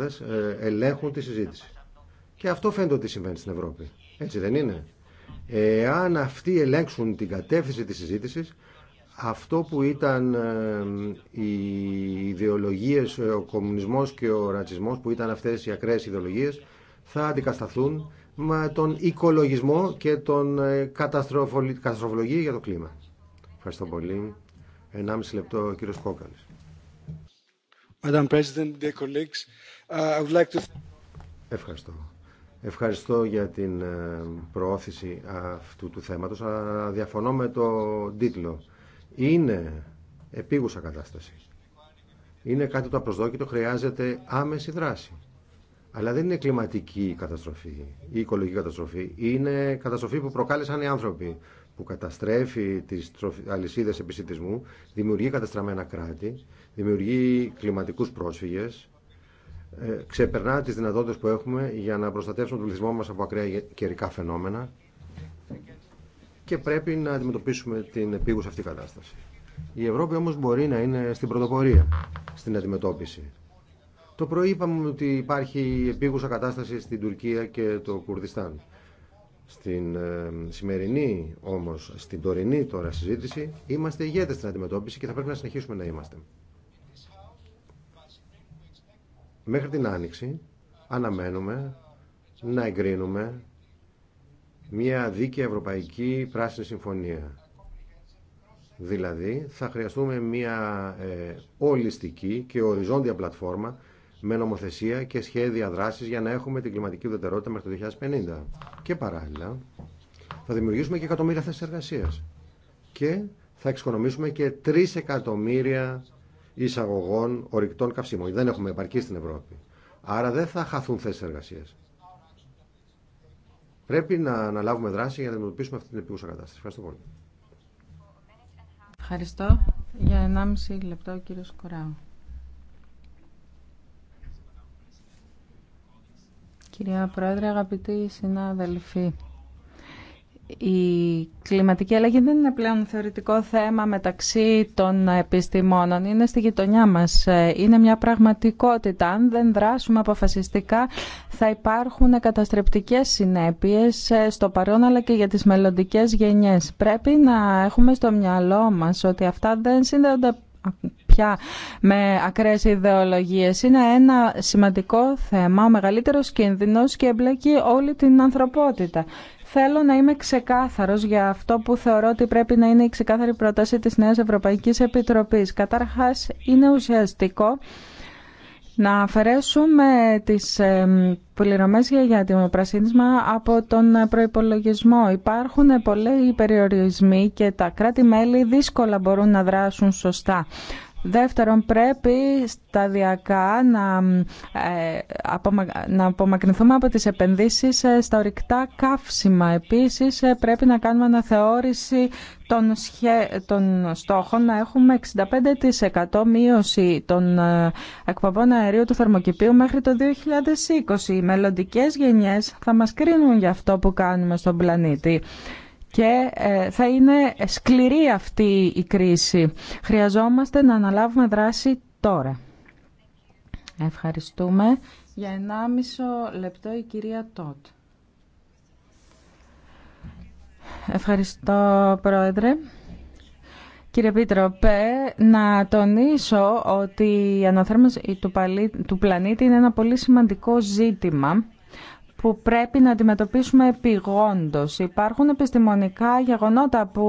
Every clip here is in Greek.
Ε, ελέγχουν τη συζήτηση. Και αυτό φαίνεται ότι συμβαίνει στην Ευρώπη. Έτσι δεν είναι. Εάν αυτοί ελέγξουν την κατεύθυνση της συζήτησης, αυτό που ήταν ε, οι ιδεολογίες, ε, ο κομμουνισμός και ο ρατσισμός, που ήταν αυτές οι ακραίες ιδεολογίες, θα αντικασταθούν με τον οικολογισμό και τον καταστροφολογία για το κλίμα. Ευχαριστώ πολύ. Ενάμιση λεπτό κύριο κύριος Κόκαλης. Madam President, Uh, Ευχαριστώ. Ευχαριστώ για την ε, προώθηση αυτού του θέματος, διαφωνώ με το τίτλο. Είναι επίγουσα κατάσταση. Είναι κάτι το απροσδόκητο, χρειάζεται άμεση δράση. Αλλά δεν είναι κλιματική καταστροφή ή οικολογική καταστροφή. Είναι καταστροφή που προκάλεσαν οι άνθρωποι, που καταστρέφει τις αλυσίδες επισητισμού, δημιουργεί καταστραμμένα κράτη, δημιουργεί κλιματικούς πρόσφυγες, ε, ξεπερνά τις δυνατότητες που έχουμε για να προστατεύσουμε τον πληθυσμό μας από ακραία καιρικά φαινόμενα και πρέπει να αντιμετωπίσουμε την επίγουσα αυτή κατάσταση. Η Ευρώπη όμως μπορεί να είναι στην πρωτοπορία στην αντιμετώπιση. Το πρωί είπαμε ότι υπάρχει επίγουσα κατάσταση στην Τουρκία και το Κουρδιστάν. Στην ε, σημερινή όμως, στην τωρινή τώρα συζήτηση, είμαστε ηγέτες στην αντιμετώπιση και θα πρέπει να συνεχίσουμε να είμαστε. Μέχρι την Άνοιξη αναμένουμε να εγκρίνουμε μια δίκαια ευρωπαϊκή πράσινη συμφωνία. Δηλαδή θα χρειαστούμε μια ε, ολιστική και οριζόντια πλατφόρμα με νομοθεσία και σχέδια δράσης για να έχουμε την κλιματική ουδετερότητα μέχρι το 2050. Και παράλληλα θα δημιουργήσουμε και εκατομμύρια θέσεις εργασίας. Και θα εξοικονομήσουμε και 3 εκατομμύρια εισαγωγών ορυκτών καυσίμων. Δεν έχουμε επαρκή στην Ευρώπη. Άρα δεν θα χαθούν θέσει εργασία. Πρέπει να αναλάβουμε δράση για να αντιμετωπίσουμε αυτή την επίγουσα κατάσταση. Ευχαριστώ πολύ. Ευχαριστώ. Για 1,5 λεπτό ο κύριος Κοράου. Κυρία Πρόεδρε, αγαπητοί συνάδελφοι, η κλιματική αλλαγή δεν είναι πλέον θεωρητικό θέμα μεταξύ των επιστημόνων. Είναι στη γειτονιά μας. Ε, είναι μια πραγματικότητα. Αν δεν δράσουμε αποφασιστικά θα υπάρχουν καταστρεπτικές συνέπειες ε, στο παρόν αλλά και για τις μελλοντικές γενιές. Πρέπει να έχουμε στο μυαλό μας ότι αυτά δεν συνδέονται πια με ακραίες ιδεολογίες. Είναι ένα σημαντικό θέμα, ο μεγαλύτερος κίνδυνος και εμπλέκει όλη την ανθρωπότητα. Θέλω να είμαι ξεκάθαρος για αυτό που θεωρώ ότι πρέπει να είναι η ξεκάθαρη πρόταση της Νέας Ευρωπαϊκής Επιτροπής. Καταρχάς, είναι ουσιαστικό να αφαιρέσουμε τις πληρωμές για το πρασίνισμα από τον προϋπολογισμό. Υπάρχουν πολλοί περιορισμοί και τα κράτη-μέλη δύσκολα μπορούν να δράσουν σωστά. Δεύτερον, πρέπει σταδιακά να, ε, να απομακρυνθούμε από τις επενδύσεις ε, στα ορυκτά καύσιμα. Επίσης, ε, πρέπει να κάνουμε αναθεώρηση των, των στόχων να έχουμε 65% μείωση των εκπομπών αερίου του θερμοκηπίου μέχρι το 2020. Οι μελλοντικές γενιές θα μας κρίνουν για αυτό που κάνουμε στον πλανήτη και ε, θα είναι σκληρή αυτή η κρίση. Χρειαζόμαστε να αναλάβουμε δράση τώρα. Ευχαριστούμε. Για 1,5 λεπτό η κυρία Τότ. Ευχαριστώ, Πρόεδρε. Κύριε Πίτροπε, να τονίσω ότι η αναθέρμανση του πλανήτη είναι ένα πολύ σημαντικό ζήτημα που πρέπει να αντιμετωπίσουμε επιγόντως. Υπάρχουν επιστημονικά γεγονότα που,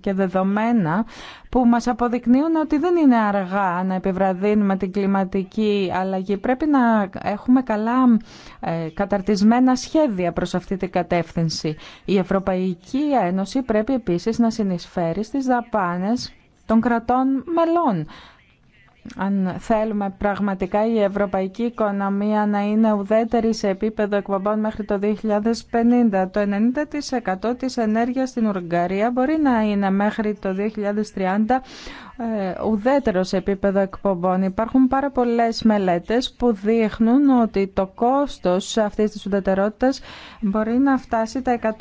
και δεδομένα που μας αποδεικνύουν ότι δεν είναι αργά να επιβραδύνουμε την κλιματική αλλαγή. Πρέπει να έχουμε καλά ε, καταρτισμένα σχέδια προς αυτή την κατεύθυνση. Η Ευρωπαϊκή Ένωση πρέπει επίσης να συνεισφέρει στις δαπάνες των κρατών μελών αν θέλουμε πραγματικά η ευρωπαϊκή οικονομία να είναι ουδέτερη σε επίπεδο εκπομπών μέχρι το 2050. Το 90% της ενέργειας στην Ουγγαρία μπορεί να είναι μέχρι το 2030 ε, ουδέτερο σε επίπεδο εκπομπών. Υπάρχουν πάρα πολλές μελέτες που δείχνουν ότι το κόστος αυτής της ουδετερότητας μπορεί να φτάσει τα 150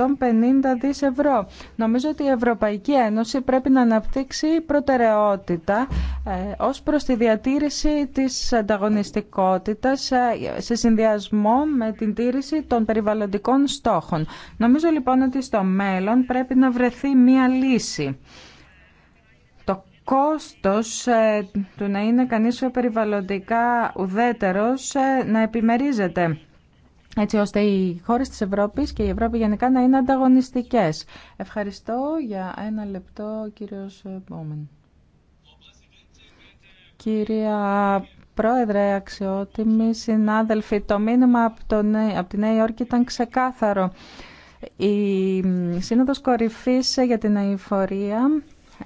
δις ευρώ. Νομίζω ότι η Ευρωπαϊκή Ένωση πρέπει να αναπτύξει προτεραιότητα ε, ως προς τη διατήρηση της ανταγωνιστικότητας ε, σε συνδυασμό με την τήρηση των περιβαλλοντικών στόχων. Νομίζω λοιπόν ότι στο μέλλον πρέπει να βρεθεί μία λύση κόστος ε, του να είναι κανείς περιβαλλοντικά ουδέτερος ε, να επιμερίζεται έτσι ώστε οι χώρες της Ευρώπης και η Ευρώπη γενικά να είναι ανταγωνιστικές. Ευχαριστώ για ένα λεπτό κύριος Μπόμεν. Κυρία Πρόεδρε, αξιότιμοι συνάδελφοι, το μήνυμα από, από τη Νέα Υόρκη ήταν ξεκάθαρο. Η Σύνοδος Κορυφής για την Αηφορία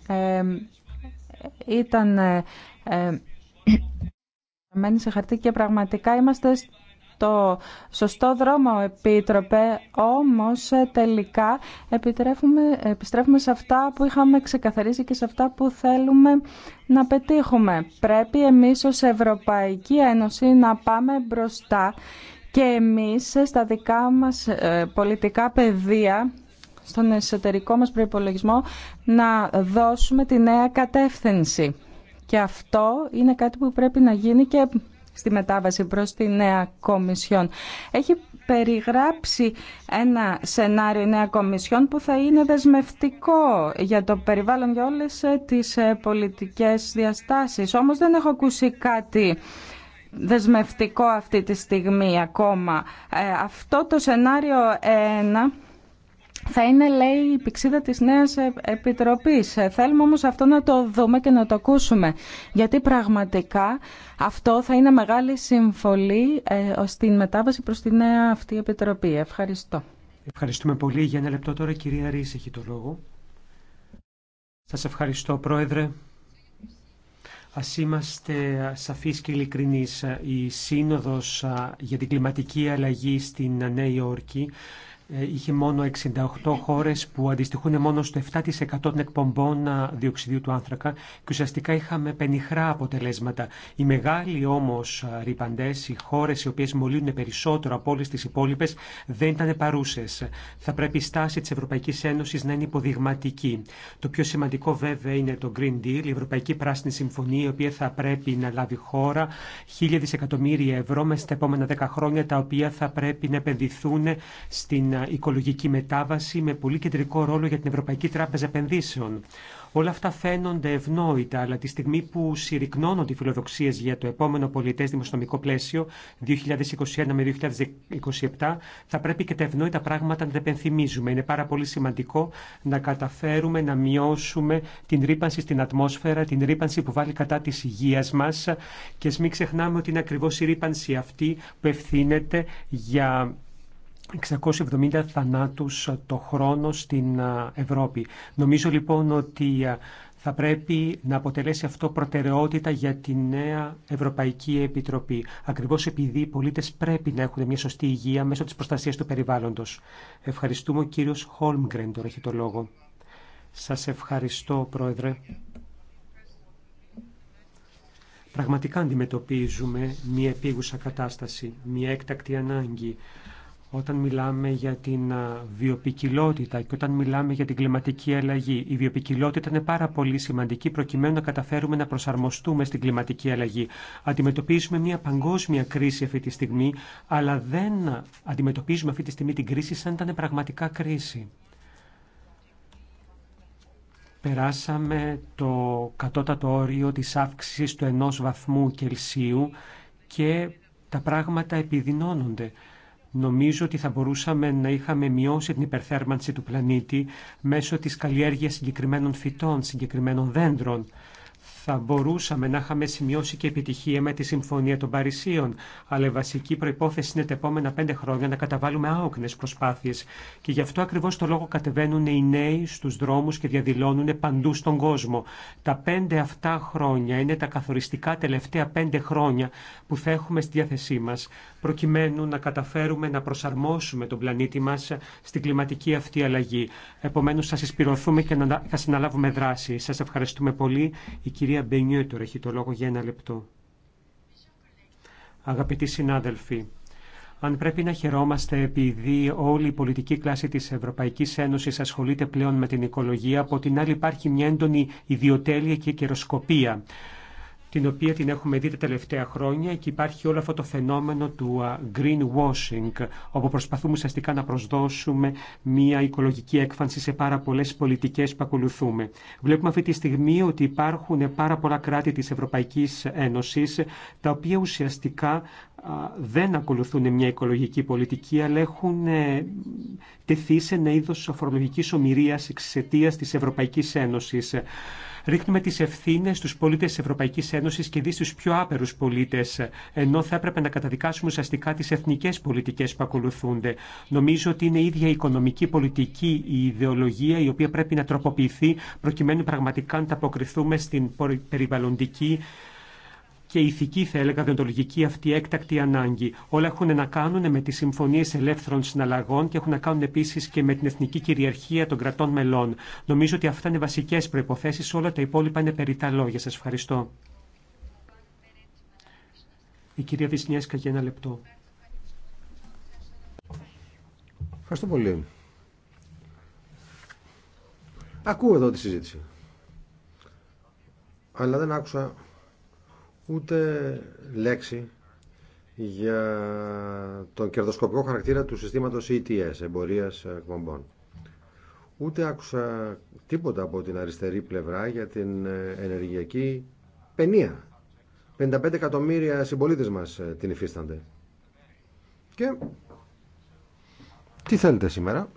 ε, ήταν ε, ε σε χαρτί και πραγματικά είμαστε στο σωστό δρόμο, Επίτροπε, όμως ε, τελικά επιστρέφουμε σε αυτά που είχαμε ξεκαθαρίσει και σε αυτά που θέλουμε να πετύχουμε. Πρέπει εμείς ως Ευρωπαϊκή Ένωση να πάμε μπροστά και εμείς ε, στα δικά μας πολιτικά πεδία στον εσωτερικό μας προϋπολογισμό να δώσουμε τη νέα κατεύθυνση. Και αυτό είναι κάτι που πρέπει να γίνει και στη μετάβαση προς τη νέα Κομισιόν. Έχει περιγράψει ένα σενάριο η νέα Κομισιόν που θα είναι δεσμευτικό για το περιβάλλον για όλες ε, τις ε, πολιτικές διαστάσεις. Όμως δεν έχω ακούσει κάτι δεσμευτικό αυτή τη στιγμή ακόμα. Ε, αυτό το σενάριο 1 θα είναι, λέει, η πηξίδα της νέας επιτροπής. Ε, θέλουμε όμως αυτό να το δούμε και να το ακούσουμε. Γιατί πραγματικά αυτό θα είναι μεγάλη συμβολή στην ε, μετάβαση προς τη νέα αυτή επιτροπή. Ευχαριστώ. Ευχαριστούμε πολύ. Για ένα λεπτό τώρα η κυρία Ρίση έχει το λόγο. Σας ευχαριστώ, Πρόεδρε. Ας είμαστε σαφείς και ειλικρινείς. Η Σύνοδος για την Κλιματική Αλλαγή στην Νέα Υόρκη ε, είχε μόνο 68 χώρε που αντιστοιχούν μόνο στο 7% των εκπομπών ε, διοξιδίου του άνθρακα και ουσιαστικά είχαμε πενιχρά αποτελέσματα. Οι μεγάλοι όμω ε, ρηπαντέ, οι χώρε οι οποίε μολύνουν περισσότερο από όλε τι υπόλοιπε, δεν ήταν παρούσε. Θα πρέπει η στάση τη Ευρωπαϊκή Ένωση να είναι υποδειγματική. Το πιο σημαντικό βέβαια είναι το Green Deal, η Ευρωπαϊκή Πράσινη Συμφωνία η οποία θα πρέπει να λάβει χώρα χίλια δισεκατομμύρια ευρώ μέσα στα επόμενα 10 χρόνια τα οποία θα πρέπει να επενδυθούν στην οικολογική μετάβαση με πολύ κεντρικό ρόλο για την Ευρωπαϊκή Τράπεζα Επενδύσεων. Όλα αυτά φαίνονται ευνόητα, αλλά τη στιγμή που συρρυκνώνονται οι φιλοδοξίε για το επόμενο πολιτέ δημοσιονομικό πλαίσιο 2021 με 2027, θα πρέπει και τα ευνόητα πράγματα να τα επενθυμίζουμε. Είναι πάρα πολύ σημαντικό να καταφέρουμε να μειώσουμε την ρήπανση στην ατμόσφαιρα, την ρήπανση που βάλει κατά τη υγεία μα και μην ξεχνάμε ότι είναι ακριβώ η ρήπανση αυτή που ευθύνεται για 670 θανάτους ε, το χρόνο στην ε, Ευρώπη. Νομίζω λοιπόν ότι ε, θα πρέπει να αποτελέσει αυτό προτεραιότητα για τη νέα Ευρωπαϊκή Επιτροπή. Ακριβώς επειδή οι πολίτε πρέπει να έχουν μια σωστή υγεία μέσω της προστασίας του περιβάλλοντος. Ευχαριστούμε. Ο κύριο Χόλμγκρεν τώρα έχει το λόγο. Σας ευχαριστώ, Πρόεδρε. Πραγματικά αντιμετωπίζουμε μια επίγουσα κατάσταση, μια έκτακτη ανάγκη όταν μιλάμε για την βιοπικιλότητα και όταν μιλάμε για την κλιματική αλλαγή. Η βιοπικιλότητα είναι πάρα πολύ σημαντική προκειμένου να καταφέρουμε να προσαρμοστούμε στην κλιματική αλλαγή. Αντιμετωπίζουμε μια παγκόσμια κρίση αυτή τη στιγμή, αλλά δεν αντιμετωπίζουμε αυτή τη στιγμή την κρίση σαν ήταν πραγματικά κρίση. Περάσαμε το κατώτατο όριο της αύξησης του ενός βαθμού Κελσίου και τα πράγματα επιδεινώνονται. Νομίζω ότι θα μπορούσαμε να είχαμε μειώσει την υπερθέρμανση του πλανήτη μέσω της καλλιέργειας συγκεκριμένων φυτών, συγκεκριμένων δέντρων. Θα μπορούσαμε να είχαμε σημειώσει και επιτυχία με τη Συμφωνία των Παρισίων, αλλά η βασική προπόθεση είναι τα επόμενα πέντε χρόνια να καταβάλουμε άοκνε προσπάθειε. Και γι' αυτό ακριβώ το λόγο κατεβαίνουν οι νέοι στου δρόμου και διαδηλώνουν παντού στον κόσμο. Τα πέντε αυτά χρόνια είναι τα καθοριστικά τελευταία πέντε χρόνια που θα έχουμε στη διάθεσή μα, προκειμένου να καταφέρουμε να προσαρμόσουμε τον πλανήτη μα στην κλιματική αυτή αλλαγή. Επομένω, θα συσπηρωθούμε και θα συναλάβουμε δράση. Σα ευχαριστούμε πολύ. Η κυρία για ένα λεπτό. Αγαπητοί συνάδελφοι, αν πρέπει να χαιρόμαστε επειδή όλη η πολιτική κλάση της Ευρωπαϊκής Ένωσης ασχολείται πλέον με την οικολογία, από την άλλη υπάρχει μια έντονη ιδιοτέλεια και κεροσκοπία την οποία την έχουμε δει τα τελευταία χρόνια και υπάρχει όλο αυτό το φαινόμενο του greenwashing, όπου προσπαθούμε ουσιαστικά να προσδώσουμε μια οικολογική έκφανση σε πάρα πολλέ πολιτικέ που ακολουθούμε. Βλέπουμε αυτή τη στιγμή ότι υπάρχουν πάρα πολλά κράτη τη Ευρωπαϊκή Ένωση, τα οποία ουσιαστικά δεν ακολουθούν μια οικολογική πολιτική, αλλά έχουν ε, τεθεί σε ένα είδο φορολογική ομοιρία εξαιτία τη Ευρωπαϊκή Ένωση ρίχνουμε τις ευθύνε στου πολίτες της Ευρωπαϊκής Ένωσης και δι στους πιο άπερου πολίτες, ενώ θα έπρεπε να καταδικάσουμε ουσιαστικά τις εθνικές πολιτικές που ακολουθούνται. Νομίζω ότι είναι η ίδια η οικονομική πολιτική, η ιδεολογία η οποία πρέπει να τροποποιηθεί προκειμένου πραγματικά να τα αποκριθούμε στην περιβαλλοντική και ηθική, θα έλεγα, διοντολογική αυτή έκτακτη ανάγκη. Όλα έχουν να κάνουν με τι συμφωνίε ελεύθερων συναλλαγών και έχουν να κάνουν επίση και με την εθνική κυριαρχία των κρατών μελών. Νομίζω ότι αυτά είναι βασικέ προποθέσει. Όλα τα υπόλοιπα είναι περί τα λόγια. Σα ευχαριστώ. Η κυρία Βυσνιέσκα για ένα λεπτό. Ευχαριστώ πολύ. Ακούω εδώ τη συζήτηση. Αλλά δεν άκουσα ούτε λέξη για τον κερδοσκοπικό χαρακτήρα του συστήματος ETS, εμπορίας εκπομπών. Ούτε άκουσα τίποτα από την αριστερή πλευρά για την ενεργειακή παινία. 55 εκατομμύρια συμπολίτες μας ε, την υφίστανται. Και τι θέλετε σήμερα.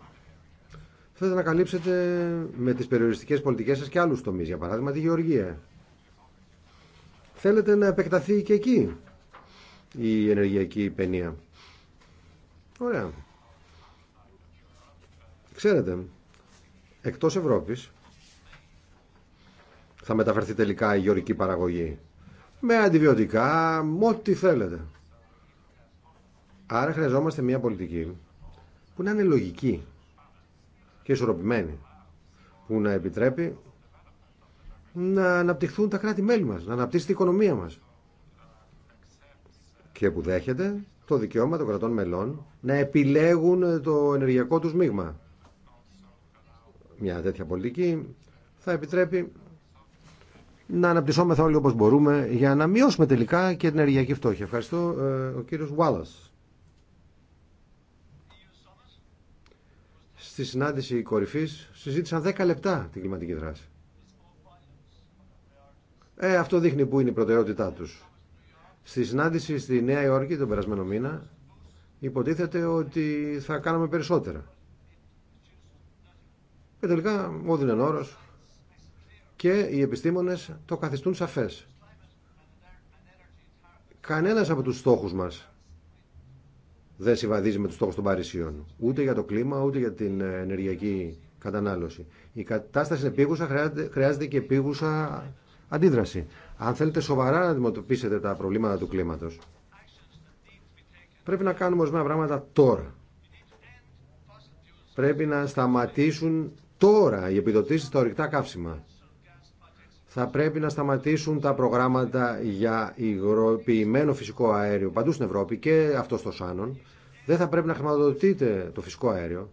Θέλετε να καλύψετε με τις περιοριστικές πολιτικές σας και άλλους τομείς. Για παράδειγμα τη γεωργία θέλετε να επεκταθεί και εκεί η ενεργειακή παινία. Ωραία. Ξέρετε, εκτός Ευρώπης θα μεταφερθεί τελικά η γεωρική παραγωγή. Με αντιβιωτικά, με ό,τι θέλετε. Άρα χρειαζόμαστε μια πολιτική που να είναι λογική και ισορροπημένη. Που να επιτρέπει να αναπτυχθούν τα κράτη-μέλη μας, να αναπτύσσει η οικονομία μας. Και που δέχεται το δικαίωμα των κρατών μελών να επιλέγουν το ενεργειακό τους μείγμα. Μια τέτοια πολιτική θα επιτρέπει να αναπτυσσόμεθα όλοι όπως μπορούμε για να μειώσουμε τελικά και την ενεργειακή φτώχεια. Ευχαριστώ ε, ο κύριος Βουάλλας. Στη συνάντηση κορυφής συζήτησαν 10 λεπτά την κλιματική δράση. Ε, αυτό δείχνει που είναι η προτεραιότητά τους. Στη συνάντηση στη Νέα Υόρκη τον περασμένο μήνα υποτίθεται ότι θα κάναμε περισσότερα. Και τελικά μου όρος και οι επιστήμονες το καθιστούν σαφές. Κανένας από του στόχους μας δεν συμβαδίζει με τους στόχους των Παρισιών. Ούτε για το κλίμα, ούτε για την ε, ενεργειακή κατανάλωση. Η κατάσταση επίγουσα χρειάζεται και επίγουσα αντίδραση. Αν θέλετε σοβαρά να αντιμετωπίσετε τα προβλήματα του κλίματο. πρέπει να κάνουμε ορισμένα πράγματα τώρα. Πρέπει να σταματήσουν τώρα οι επιδοτήσει στα ορυκτά καύσιμα. Θα πρέπει να σταματήσουν τα προγράμματα για υγροποιημένο φυσικό αέριο παντού στην Ευρώπη και αυτό στο Σάνον. Δεν θα πρέπει να χρηματοδοτείται το φυσικό αέριο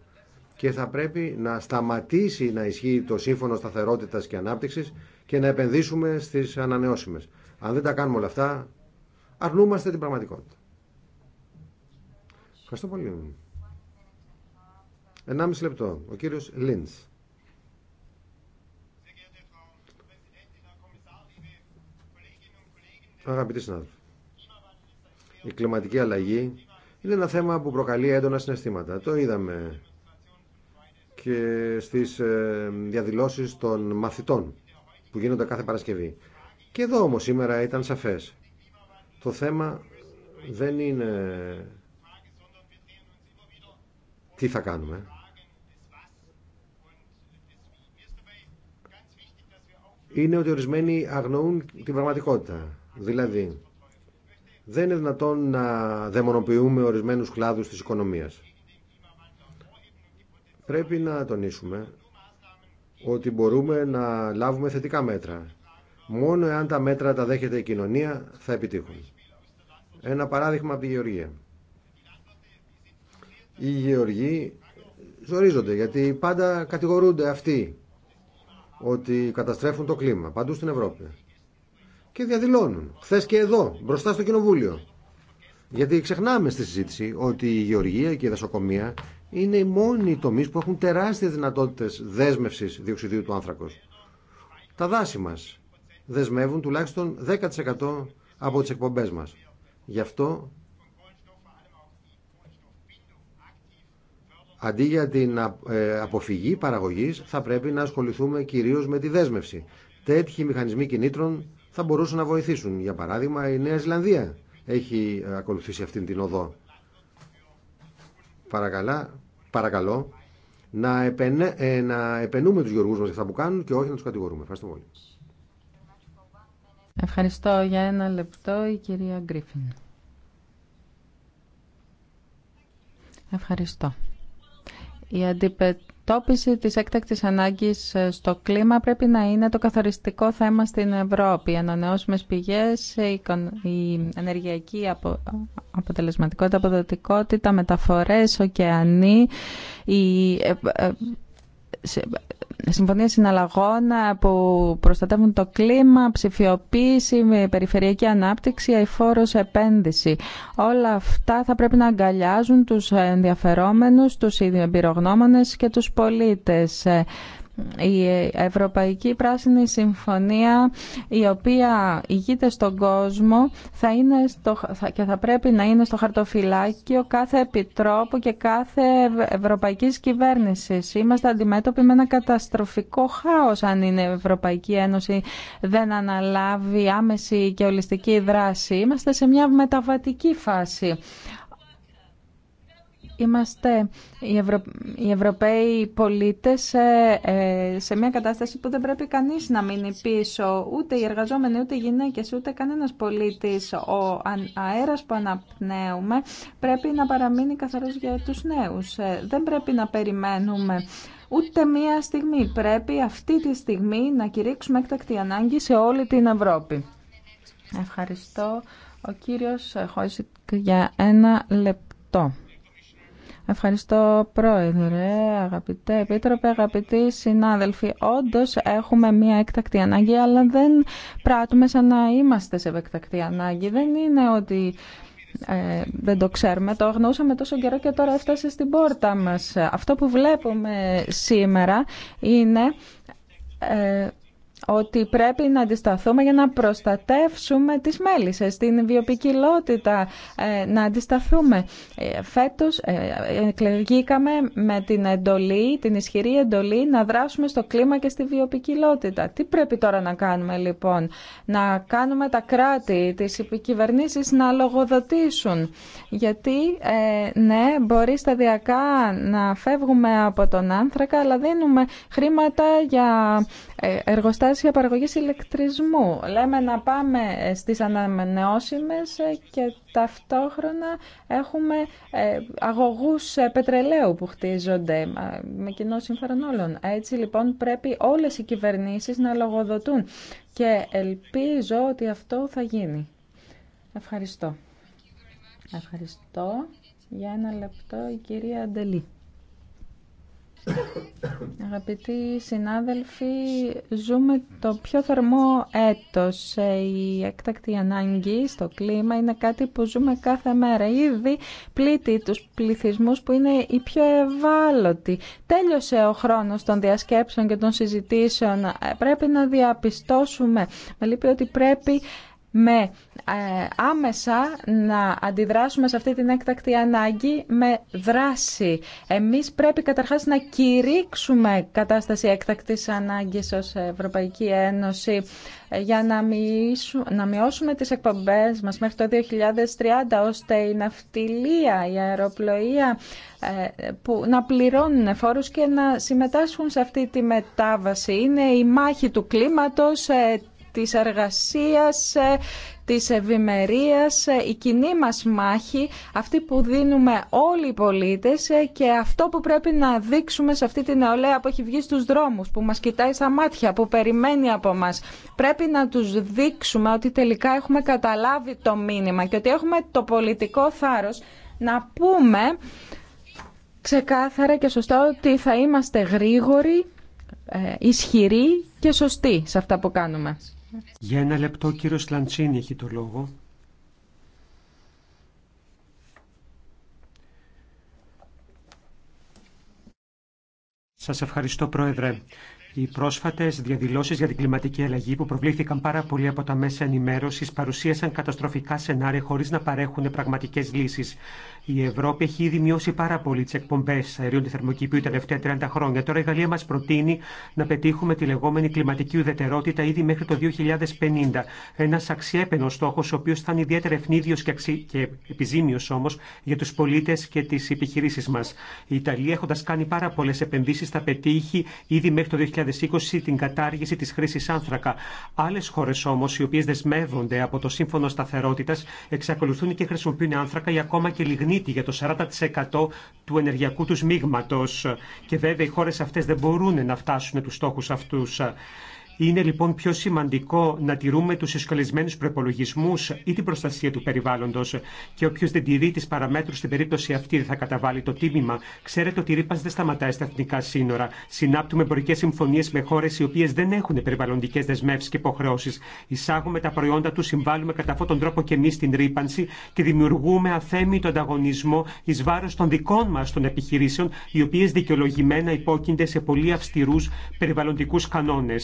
και θα πρέπει να σταματήσει να ισχύει το Σύμφωνο Σταθερότητας και Ανάπτυξης και να επενδύσουμε στις ανανεώσιμες. Αν δεν τα κάνουμε όλα αυτά, αρνούμαστε την πραγματικότητα. Ευχαριστώ πολύ. Ενάμιση λεπτό. Ο κύριος Λίντς. Αγαπητοί συνάδελφοι, η κλιματική αλλαγή είναι ένα θέμα που προκαλεί έντονα συναισθήματα. Το είδαμε και στις ε, διαδηλώσεις των μαθητών που γίνονται κάθε Παρασκευή. Και εδώ όμως σήμερα ήταν σαφές. Το θέμα δεν είναι τι θα κάνουμε. Είναι ότι ορισμένοι αγνοούν την πραγματικότητα. Δηλαδή, δεν είναι δυνατόν να δαιμονοποιούμε ορισμένους κλάδους της οικονομίας. Πρέπει να τονίσουμε ότι μπορούμε να λάβουμε θετικά μέτρα. Μόνο εάν τα μέτρα τα δέχεται η κοινωνία θα επιτύχουν. Ένα παράδειγμα από τη Γεωργία. Οι Γεωργοί ζορίζονται γιατί πάντα κατηγορούνται αυτοί ότι καταστρέφουν το κλίμα παντού στην Ευρώπη. Και διαδηλώνουν. Χθε και εδώ, μπροστά στο Κοινοβούλιο. Γιατί ξεχνάμε στη συζήτηση ότι η γεωργία και η δασοκομεία είναι οι μόνοι τομεί που έχουν τεράστιες δυνατότητες δέσμευση διοξιδίου του άνθρακο. Τα δάση μας δεσμεύουν τουλάχιστον 10% από τις εκπομπές μας. Γι' αυτό αντί για την ε, αποφυγή παραγωγής θα πρέπει να ασχοληθούμε κυρίως με τη δέσμευση. Τέτοιοι μηχανισμοί κινήτρων θα μπορούσαν να βοηθήσουν. Για παράδειγμα η Νέα Ζηλανδία έχει ε, ακολουθήσει αυτήν την οδό. Παρακαλά, παρακαλώ να, επενε, ε, να επενούμε τους γεωργούς μας για αυτά που κάνουν και όχι να τους κατηγορούμε. Ευχαριστώ πολύ. Ευχαριστώ για ένα λεπτό η κυρία Γκρίφιν. Ευχαριστώ. Η αντίπετ... Τόπιση της έκτακτης ανάγκης ε, στο κλίμα πρέπει να είναι το καθοριστικό θέμα στην Ευρώπη. Οι ανανεώσιμες πηγές, η ενεργειακή αποτελεσματικότητα, αποδοτικότητα, μεταφορές, ωκεανοί, η ε, ε, συμφωνίες συναλλαγών ε, που προστατεύουν το κλίμα, ψηφιοποίηση, περιφερειακή ανάπτυξη, αηφόρο επένδυση. Όλα αυτά θα πρέπει να αγκαλιάζουν τους ενδιαφερόμενους, τους εμπειρογνώμονε και τους πολίτες. Ε, η Ευρωπαϊκή Πράσινη Συμφωνία η οποία ηγείται στον κόσμο θα είναι στο, και θα πρέπει να είναι στο χαρτοφυλάκιο κάθε επιτρόπου και κάθε ευρωπαϊκής κυβέρνησης. Είμαστε αντιμέτωποι με ένα καταστροφικό χάος αν είναι η Ευρωπαϊκή Ένωση δεν αναλάβει άμεση και ολιστική δράση. Είμαστε σε μια μεταβατική φάση είμαστε οι, Ευρωπαίοι πολίτες ε, σε... μια κατάσταση που δεν πρέπει κανείς να μείνει πίσω. Ούτε οι εργαζόμενοι, ούτε οι γυναίκες, ούτε κανένας πολίτης. Ο αέρας που αναπνέουμε πρέπει να παραμείνει καθαρός για τους νέους. Ε, δεν πρέπει να περιμένουμε ούτε μία στιγμή. Πρέπει αυτή τη στιγμή να κηρύξουμε έκτακτη ανάγκη σε όλη την Ευρώπη. Ευχαριστώ. Ο κύριος Χόισικ για ένα λεπτό. Ευχαριστώ Πρόεδρε, αγαπητέ Επίτροπε, αγαπητοί συνάδελφοι. Όντως έχουμε μια εκτακτή ανάγκη, αλλά δεν πράττουμε σαν να είμαστε σε εκτακτή ανάγκη. Δεν είναι ότι ε, δεν το ξέρουμε, το αγνοούσαμε τόσο καιρό και τώρα έφτασε στην πόρτα μας. Αυτό που βλέπουμε σήμερα είναι... Ε, ότι πρέπει να αντισταθούμε για να προστατεύσουμε τις μέλισσες, την βιοπικιλότητα, ε, να αντισταθούμε. Ε, φέτος ε, εκλεγήκαμε με την εντολή, την ισχυρή εντολή να δράσουμε στο κλίμα και στη βιοπικιλότητα. Τι πρέπει τώρα να κάνουμε λοιπόν, να κάνουμε τα κράτη, τις κυβερνήσεις να λογοδοτήσουν. Γιατί ναι, μπορεί σταδιακά να φεύγουμε από τον άνθρακα, αλλά δίνουμε χρήματα για εργοστάσεις για παραγωγή ηλεκτρισμού. Λέμε να πάμε στις ανανεώσιμες και ταυτόχρονα έχουμε ε, αγωγούς ε, πετρελαίου που χτίζονται με κοινό συμφέρον όλων. Έτσι λοιπόν πρέπει όλες οι κυβερνήσεις να λογοδοτούν και ελπίζω ότι αυτό θα γίνει. Ευχαριστώ. Ευχαριστώ. Για ένα λεπτό η κυρία Αντελή. Αγαπητοί συνάδελφοι, ζούμε το πιο θερμό έτος. Ε, η έκτακτη ανάγκη στο κλίμα είναι κάτι που ζούμε κάθε μέρα. Ήδη πλήττει τους πληθυσμούς που είναι οι πιο ευάλωτοι. Τέλειωσε ο χρόνος των διασκέψεων και των συζητήσεων. Ε, πρέπει να διαπιστώσουμε. Με λείπει ότι πρέπει με ε, άμεσα να αντιδράσουμε σε αυτή την έκτακτη ανάγκη με δράση. Εμείς πρέπει καταρχάς να κηρύξουμε κατάσταση έκτακτης ανάγκης ως Ευρωπαϊκή Ένωση ε, για να, να μειώσουμε τις εκπομπές μας μέχρι το 2030 ώστε η ναυτιλία, η αεροπλοεία ε, να πληρώνουν φόρους και να συμμετάσχουν σε αυτή τη μετάβαση. Είναι η μάχη του κλίματος, της εργασίας, ε, της ευημερία, ε, η κοινή μας μάχη, αυτή που δίνουμε όλοι οι πολίτες ε, και αυτό που πρέπει να δείξουμε σε αυτή την νεολαία που έχει βγει στους δρόμους, που μας κοιτάει στα μάτια, που περιμένει από μας. Πρέπει να τους δείξουμε ότι τελικά έχουμε καταλάβει το μήνυμα και ότι έχουμε το πολιτικό θάρρος να πούμε ξεκάθαρα και σωστά ότι θα είμαστε γρήγοροι, ισχυροί και σωστοί σε αυτά που κάνουμε. Για ένα λεπτό ο κύριος Λαντσίνη έχει το λόγο. Σας ευχαριστώ Πρόεδρε. Οι πρόσφατε διαδηλώσει για την κλιματική αλλαγή που προβλήθηκαν πάρα πολύ από τα μέσα ενημέρωση παρουσίασαν καταστροφικά σενάρια χωρί να παρέχουν πραγματικέ λύσει. Η Ευρώπη έχει ήδη μειώσει πάρα πολύ τι εκπομπέ αερίων του θερμοκηπίου τα τελευταία 30 χρόνια. Τώρα η Γαλλία μα προτείνει να πετύχουμε τη λεγόμενη κλιματική ουδετερότητα ήδη μέχρι το 2050. Ένα αξιέπαινο στόχο, ο οποίο θα είναι ιδιαίτερα ευνίδιο και, αξι... και επιζήμιο όμω για του πολίτε και τι επιχειρήσει μα. Η Ιταλία, έχοντα κάνει πάρα πολλέ επενδύσει, θα πετύχει ήδη μέχρι το 2020 την κατάργηση τη χρήση άνθρακα. Άλλε χώρε όμω, οι οποίε δεσμεύονται από το Σύμφωνο Σταθερότητα, εξακολουθούν και χρησιμοποιούν άνθρακα ή ακόμα και για το 40% του ενεργειακού τους μείγματος. Και βέβαια οι χώρες αυτές δεν μπορούν να φτάσουν τους στόχους αυτούς. Είναι λοιπόν πιο σημαντικό να τηρούμε του εσκαλισμένου προπολογισμού ή την προστασία του περιβάλλοντο. Και όποιο δεν τηρεί τι παραμέτρου στην περίπτωση αυτή δεν θα καταβάλει το τίμημα. Ξέρετε ότι η ρήπα δεν σταματάει στα εθνικά σύνορα. Συνάπτουμε εμπορικέ συμφωνίε με χώρε οι οποίε δεν έχουν περιβαλλοντικέ δεσμεύσει και υποχρεώσει. Εισάγουμε τα προϊόντα του, συμβάλλουμε κατά αυτόν τον τρόπο και εμεί την ρήπανση και δημιουργούμε αθέμητο ανταγωνισμό ει βάρο των δικών μα των επιχειρήσεων, οι οποίε δικαιολογημένα υπόκεινται σε πολύ αυστηρού περιβαλλοντικού κανόνε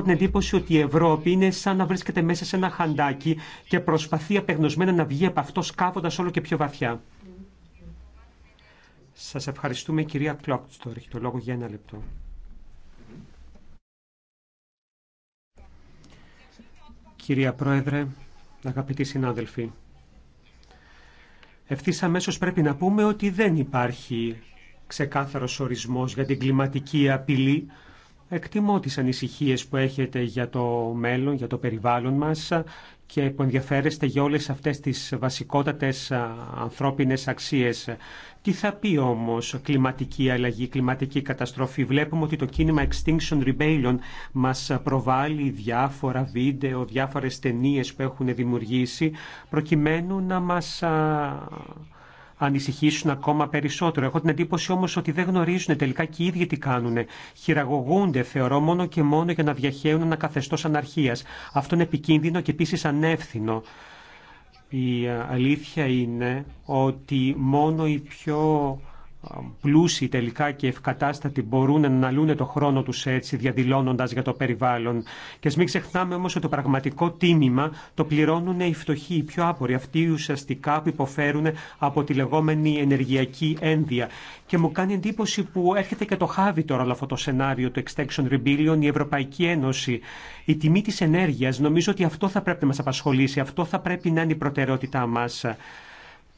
έχω την εντύπωση ότι η Ευρώπη είναι σαν να βρίσκεται μέσα σε ένα χαντάκι και προσπαθεί απεγνωσμένα να βγει από αυτό σκάβοντας όλο και πιο βαθιά. Σας ευχαριστούμε κυρία Κλόκτστορ. Έχει το λόγο για ένα λεπτό. Κυρία Πρόεδρε, αγαπητοί συνάδελφοι, ευθύ αμέσω πρέπει να πούμε ότι δεν υπάρχει ξεκάθαρος ορισμός για την κλιματική απειλή Εκτιμώ τις ανησυχίες που έχετε για το μέλλον, για το περιβάλλον μας και που ενδιαφέρεστε για όλες αυτές τις βασικότατες ανθρώπινες αξίες. Τι θα πει όμως κλιματική αλλαγή, κλιματική καταστροφή. Βλέπουμε ότι το κίνημα Extinction Rebellion μας προβάλλει διάφορα βίντεο, διάφορες ταινίε που έχουν δημιουργήσει προκειμένου να μας ανησυχήσουν ακόμα περισσότερο. Έχω την εντύπωση όμω ότι δεν γνωρίζουν τελικά και οι ίδιοι τι κάνουν. Χειραγωγούνται, θεωρώ, μόνο και μόνο για να διαχέουν ένα καθεστώ αναρχία. Αυτό είναι επικίνδυνο και επίση ανεύθυνο. Η ε, αλήθεια είναι ότι μόνο οι πιο πλούσιοι τελικά και ευκατάστατοι μπορούν να αναλούν το χρόνο τους έτσι διαδηλώνοντας για το περιβάλλον. Και ας μην ξεχνάμε όμως ότι το πραγματικό τίμημα το πληρώνουν οι φτωχοί, οι πιο άποροι, αυτοί ουσιαστικά που υποφέρουν από τη λεγόμενη ενεργειακή ένδυα. Και μου κάνει εντύπωση που έρχεται και το χάβι τώρα όλο αυτό το σενάριο του Extinction Rebellion, η Ευρωπαϊκή Ένωση. Η τιμή της ενέργειας, νομίζω ότι αυτό θα πρέπει να μας απασχολήσει, αυτό θα πρέπει να είναι η προτεραιότητά μας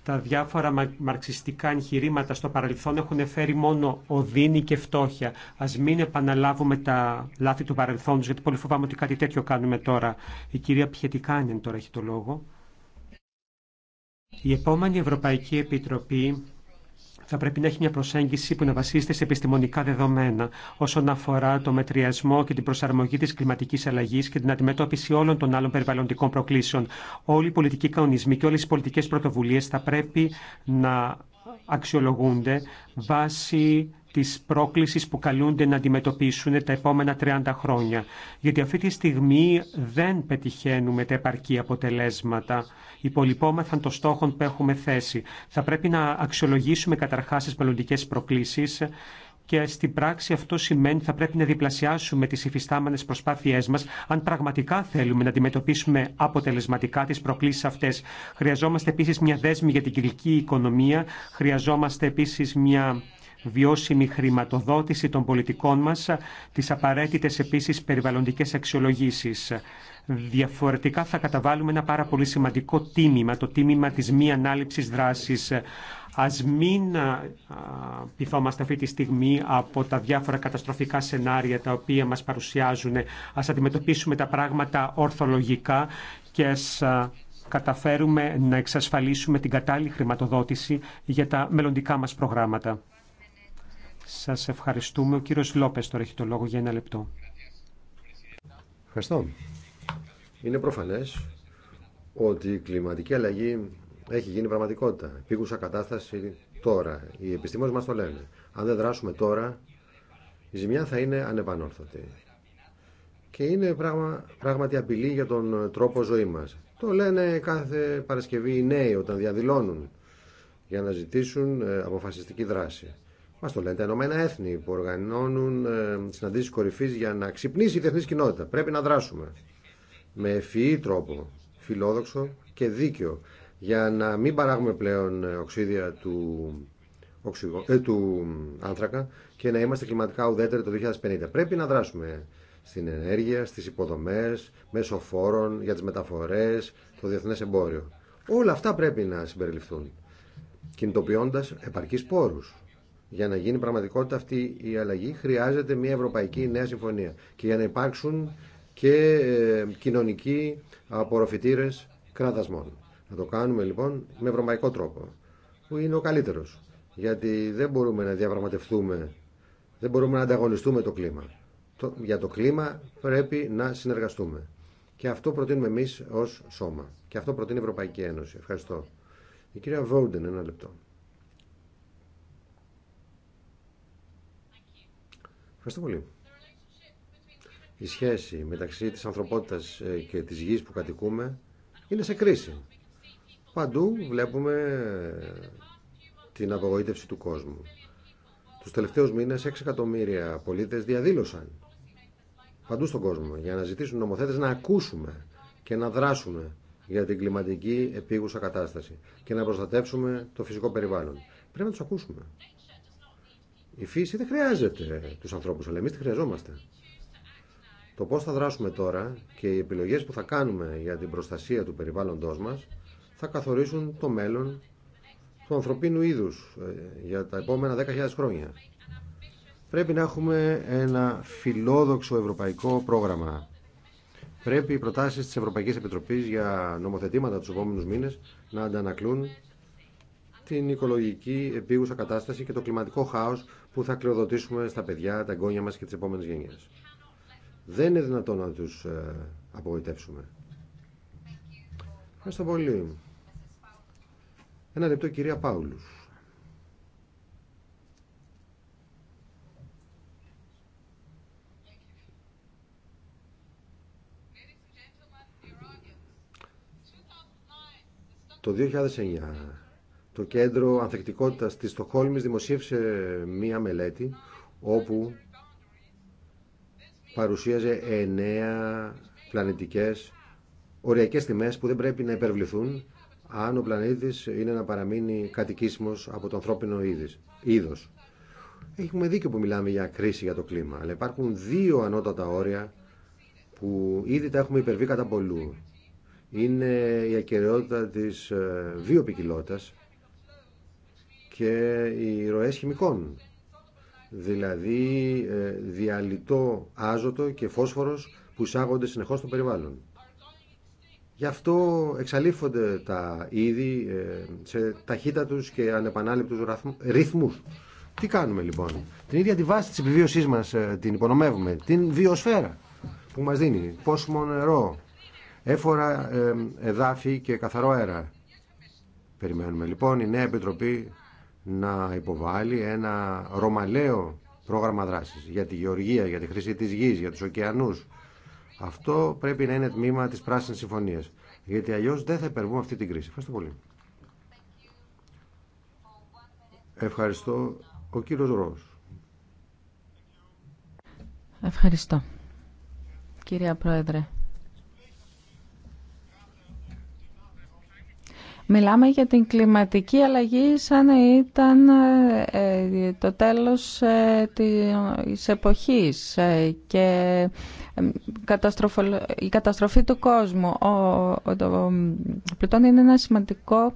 τα διάφορα μαρξιστικά εγχειρήματα στο παρελθόν έχουν φέρει μόνο οδύνη και φτώχεια. Α μην επαναλάβουμε τα λάθη του παρελθόντος, γιατί πολύ φοβάμαι ότι κάτι τέτοιο κάνουμε τώρα. Η κυρία Πιετικάνεν τώρα έχει το λόγο. Η επόμενη Ευρωπαϊκή Επιτροπή θα πρέπει να έχει μια προσέγγιση που να βασίζεται σε επιστημονικά δεδομένα όσον αφορά το μετριασμό και την προσαρμογή τη κλιματική αλλαγή και την αντιμετώπιση όλων των άλλων περιβαλλοντικών προκλήσεων. Όλοι οι πολιτικοί κανονισμοί και όλε οι πολιτικέ πρωτοβουλίε θα πρέπει να αξιολογούνται βάσει Τη πρόκληση που καλούνται να αντιμετωπίσουν τα επόμενα 30 χρόνια. Γιατί αυτή τη στιγμή δεν πετυχαίνουμε τα επαρκή αποτελέσματα. Υπολοιπόμαθαν των στόχων που έχουμε θέσει. Θα πρέπει να αξιολογήσουμε καταρχά τι μελλοντικέ προκλήσει και στην πράξη αυτό σημαίνει ότι θα πρέπει να διπλασιάσουμε τις υφιστάμενες προσπάθειές μας αν πραγματικά θέλουμε να αντιμετωπίσουμε αποτελεσματικά τις προκλήσεις αυτές. Χρειαζόμαστε επίσης μια δέσμη για την κυρική οικονομία, χρειαζόμαστε επίσης μια βιώσιμη χρηματοδότηση των πολιτικών μας, τις απαραίτητες επίσης περιβαλλοντικές αξιολογήσεις. Διαφορετικά θα καταβάλουμε ένα πάρα πολύ σημαντικό τίμημα, το τίμημα της μη ανάληψης δράσης. Ας μην πειθόμαστε αυτή τη στιγμή από τα διάφορα καταστροφικά σενάρια τα οποία μας παρουσιάζουν. Ας αντιμετωπίσουμε τα πράγματα ορθολογικά και ας καταφέρουμε να εξασφαλίσουμε την κατάλληλη χρηματοδότηση για τα μελλοντικά μας προγράμματα. Σας ευχαριστούμε. Ο κύριος Λόπες τώρα έχει το λόγο για ένα λεπτό. Ευχαριστώ. Είναι προφανές ότι η κλιματική αλλαγή έχει γίνει πραγματικότητα. Πήγουσα κατάσταση τώρα. Οι επιστήμονες μας το λένε. Αν δεν δράσουμε τώρα, η ζημιά θα είναι ανεπανόρθωτη. Και είναι πράγμα, πράγματι απειλή για τον τρόπο ζωή μας. Το λένε κάθε Παρασκευή οι νέοι όταν διαδηλώνουν για να ζητήσουν ε, αποφασιστική δράση. Μα το λένε τα Ηνωμένα Έθνη που οργανώνουν ε, συναντήσει κορυφή για να ξυπνήσει η διεθνή κοινότητα. Πρέπει να δράσουμε με ευφυή τρόπο, φιλόδοξο και δίκαιο για να μην παράγουμε πλέον ε, οξύδια του, οξυγο, ε, του άνθρακα και να είμαστε κλιματικά ουδέτεροι το 2050. Πρέπει να δράσουμε στην ενέργεια, στις υποδομές, μέσω φόρων, για τις μεταφορές, το διεθνές εμπόριο. Όλα αυτά πρέπει να συμπεριληφθούν, κινητοποιώντας επαρκείς πόρους για να γίνει πραγματικότητα αυτή η αλλαγή χρειάζεται μια ευρωπαϊκή νέα συμφωνία και για να υπάρξουν και ε, κοινωνικοί απορροφητήρες κράτασμών. Να το κάνουμε λοιπόν με ευρωπαϊκό τρόπο που είναι ο καλύτερος γιατί δεν μπορούμε να διαπραγματευτούμε, δεν μπορούμε να ανταγωνιστούμε το κλίμα. για το κλίμα πρέπει να συνεργαστούμε. Και αυτό προτείνουμε εμείς ως σώμα. Και αυτό προτείνει η Ευρωπαϊκή Ένωση. Ευχαριστώ. Η κυρία Βόντεν, ένα λεπτό. Ευχαριστώ πολύ. Η σχέση μεταξύ της ανθρωπότητας ε, και της γης που κατοικούμε είναι σε κρίση. Παντού βλέπουμε ε, την απογοήτευση του κόσμου. Τους τελευταίους μήνες 6 εκατομμύρια πολίτες διαδήλωσαν παντού στον κόσμο για να ζητήσουν νομοθέτες να ακούσουμε και να δράσουμε για την κλιματική επίγουσα κατάσταση και να προστατεύσουμε το φυσικό περιβάλλον. Πρέπει να τους ακούσουμε. Η φύση δεν χρειάζεται του ανθρώπου, αλλά εμεί τη χρειαζόμαστε. Το πώ θα δράσουμε τώρα και οι επιλογέ που θα κάνουμε για την προστασία του περιβάλλοντό μα θα καθορίσουν το μέλλον του ανθρωπίνου είδου ε, για τα επόμενα 10.000 χρόνια. Πρέπει να έχουμε ένα φιλόδοξο ευρωπαϊκό πρόγραμμα. Πρέπει οι προτάσει τη Ευρωπαϊκή Επιτροπή για νομοθετήματα του επόμενου μήνε να αντανακλούν την οικολογική επίγουσα κατάσταση και το κλιματικό χάος που θα κλειοδοτήσουμε στα παιδιά, τα εγγόνια μας και τις επόμενες γενιές. Δεν είναι δυνατόν να τους ε, απογοητεύσουμε. Ευχαριστώ πολύ. Ένα λεπτό κυρία Πάουλους. Το 2009 το κέντρο ανθεκτικότητας της Στοχόλμης δημοσίευσε μία μελέτη όπου παρουσίαζε εννέα πλανητικές οριακές τιμές που δεν πρέπει να υπερβληθούν αν ο πλανήτης είναι να παραμείνει κατοικίσιμος από το ανθρώπινο είδο. είδος. Έχουμε δίκιο που μιλάμε για κρίση για το κλίμα, αλλά υπάρχουν δύο ανώτατα όρια που ήδη τα έχουμε υπερβεί κατά πολλού. Είναι η ακαιρεότητα της ε, βιοπικιλότητας και οι ροές χημικών. Δηλαδή ε, διαλυτό άζωτο και φόσφορος που εισάγονται συνεχώς στο περιβάλλον. Γι' αυτό εξαλείφονται τα είδη ε, σε ταχύτατους και ανεπανάληπτους ρυθμούς. Τι κάνουμε λοιπόν. Την ίδια τη βάση της επιβίωσής μας ε, την υπονομεύουμε. Την βιοσφαίρα που μας δίνει. Πόσμο νερό, έφορα εδάφη και καθαρό αέρα. Περιμένουμε λοιπόν η νέα επιτροπή να υποβάλει ένα ρωμαλαίο πρόγραμμα δράσης για τη γεωργία, για τη χρήση της γης, για τους ωκεανούς. Αυτό πρέπει να είναι τμήμα της Πράσινης Συμφωνίας, γιατί αλλιώς δεν θα υπερβούμε αυτή την κρίση. Ευχαριστώ πολύ. Ευχαριστώ. Ο κύριος Ρος. Ευχαριστώ. Κυρία Πρόεδρε, Μιλάμε για την κλιματική αλλαγή σαν να ήταν ε, ε, το τέλος ε, της εποχής και η καταστροφή του κόσμου. Ο Πλουτών είναι ένα σημαντικό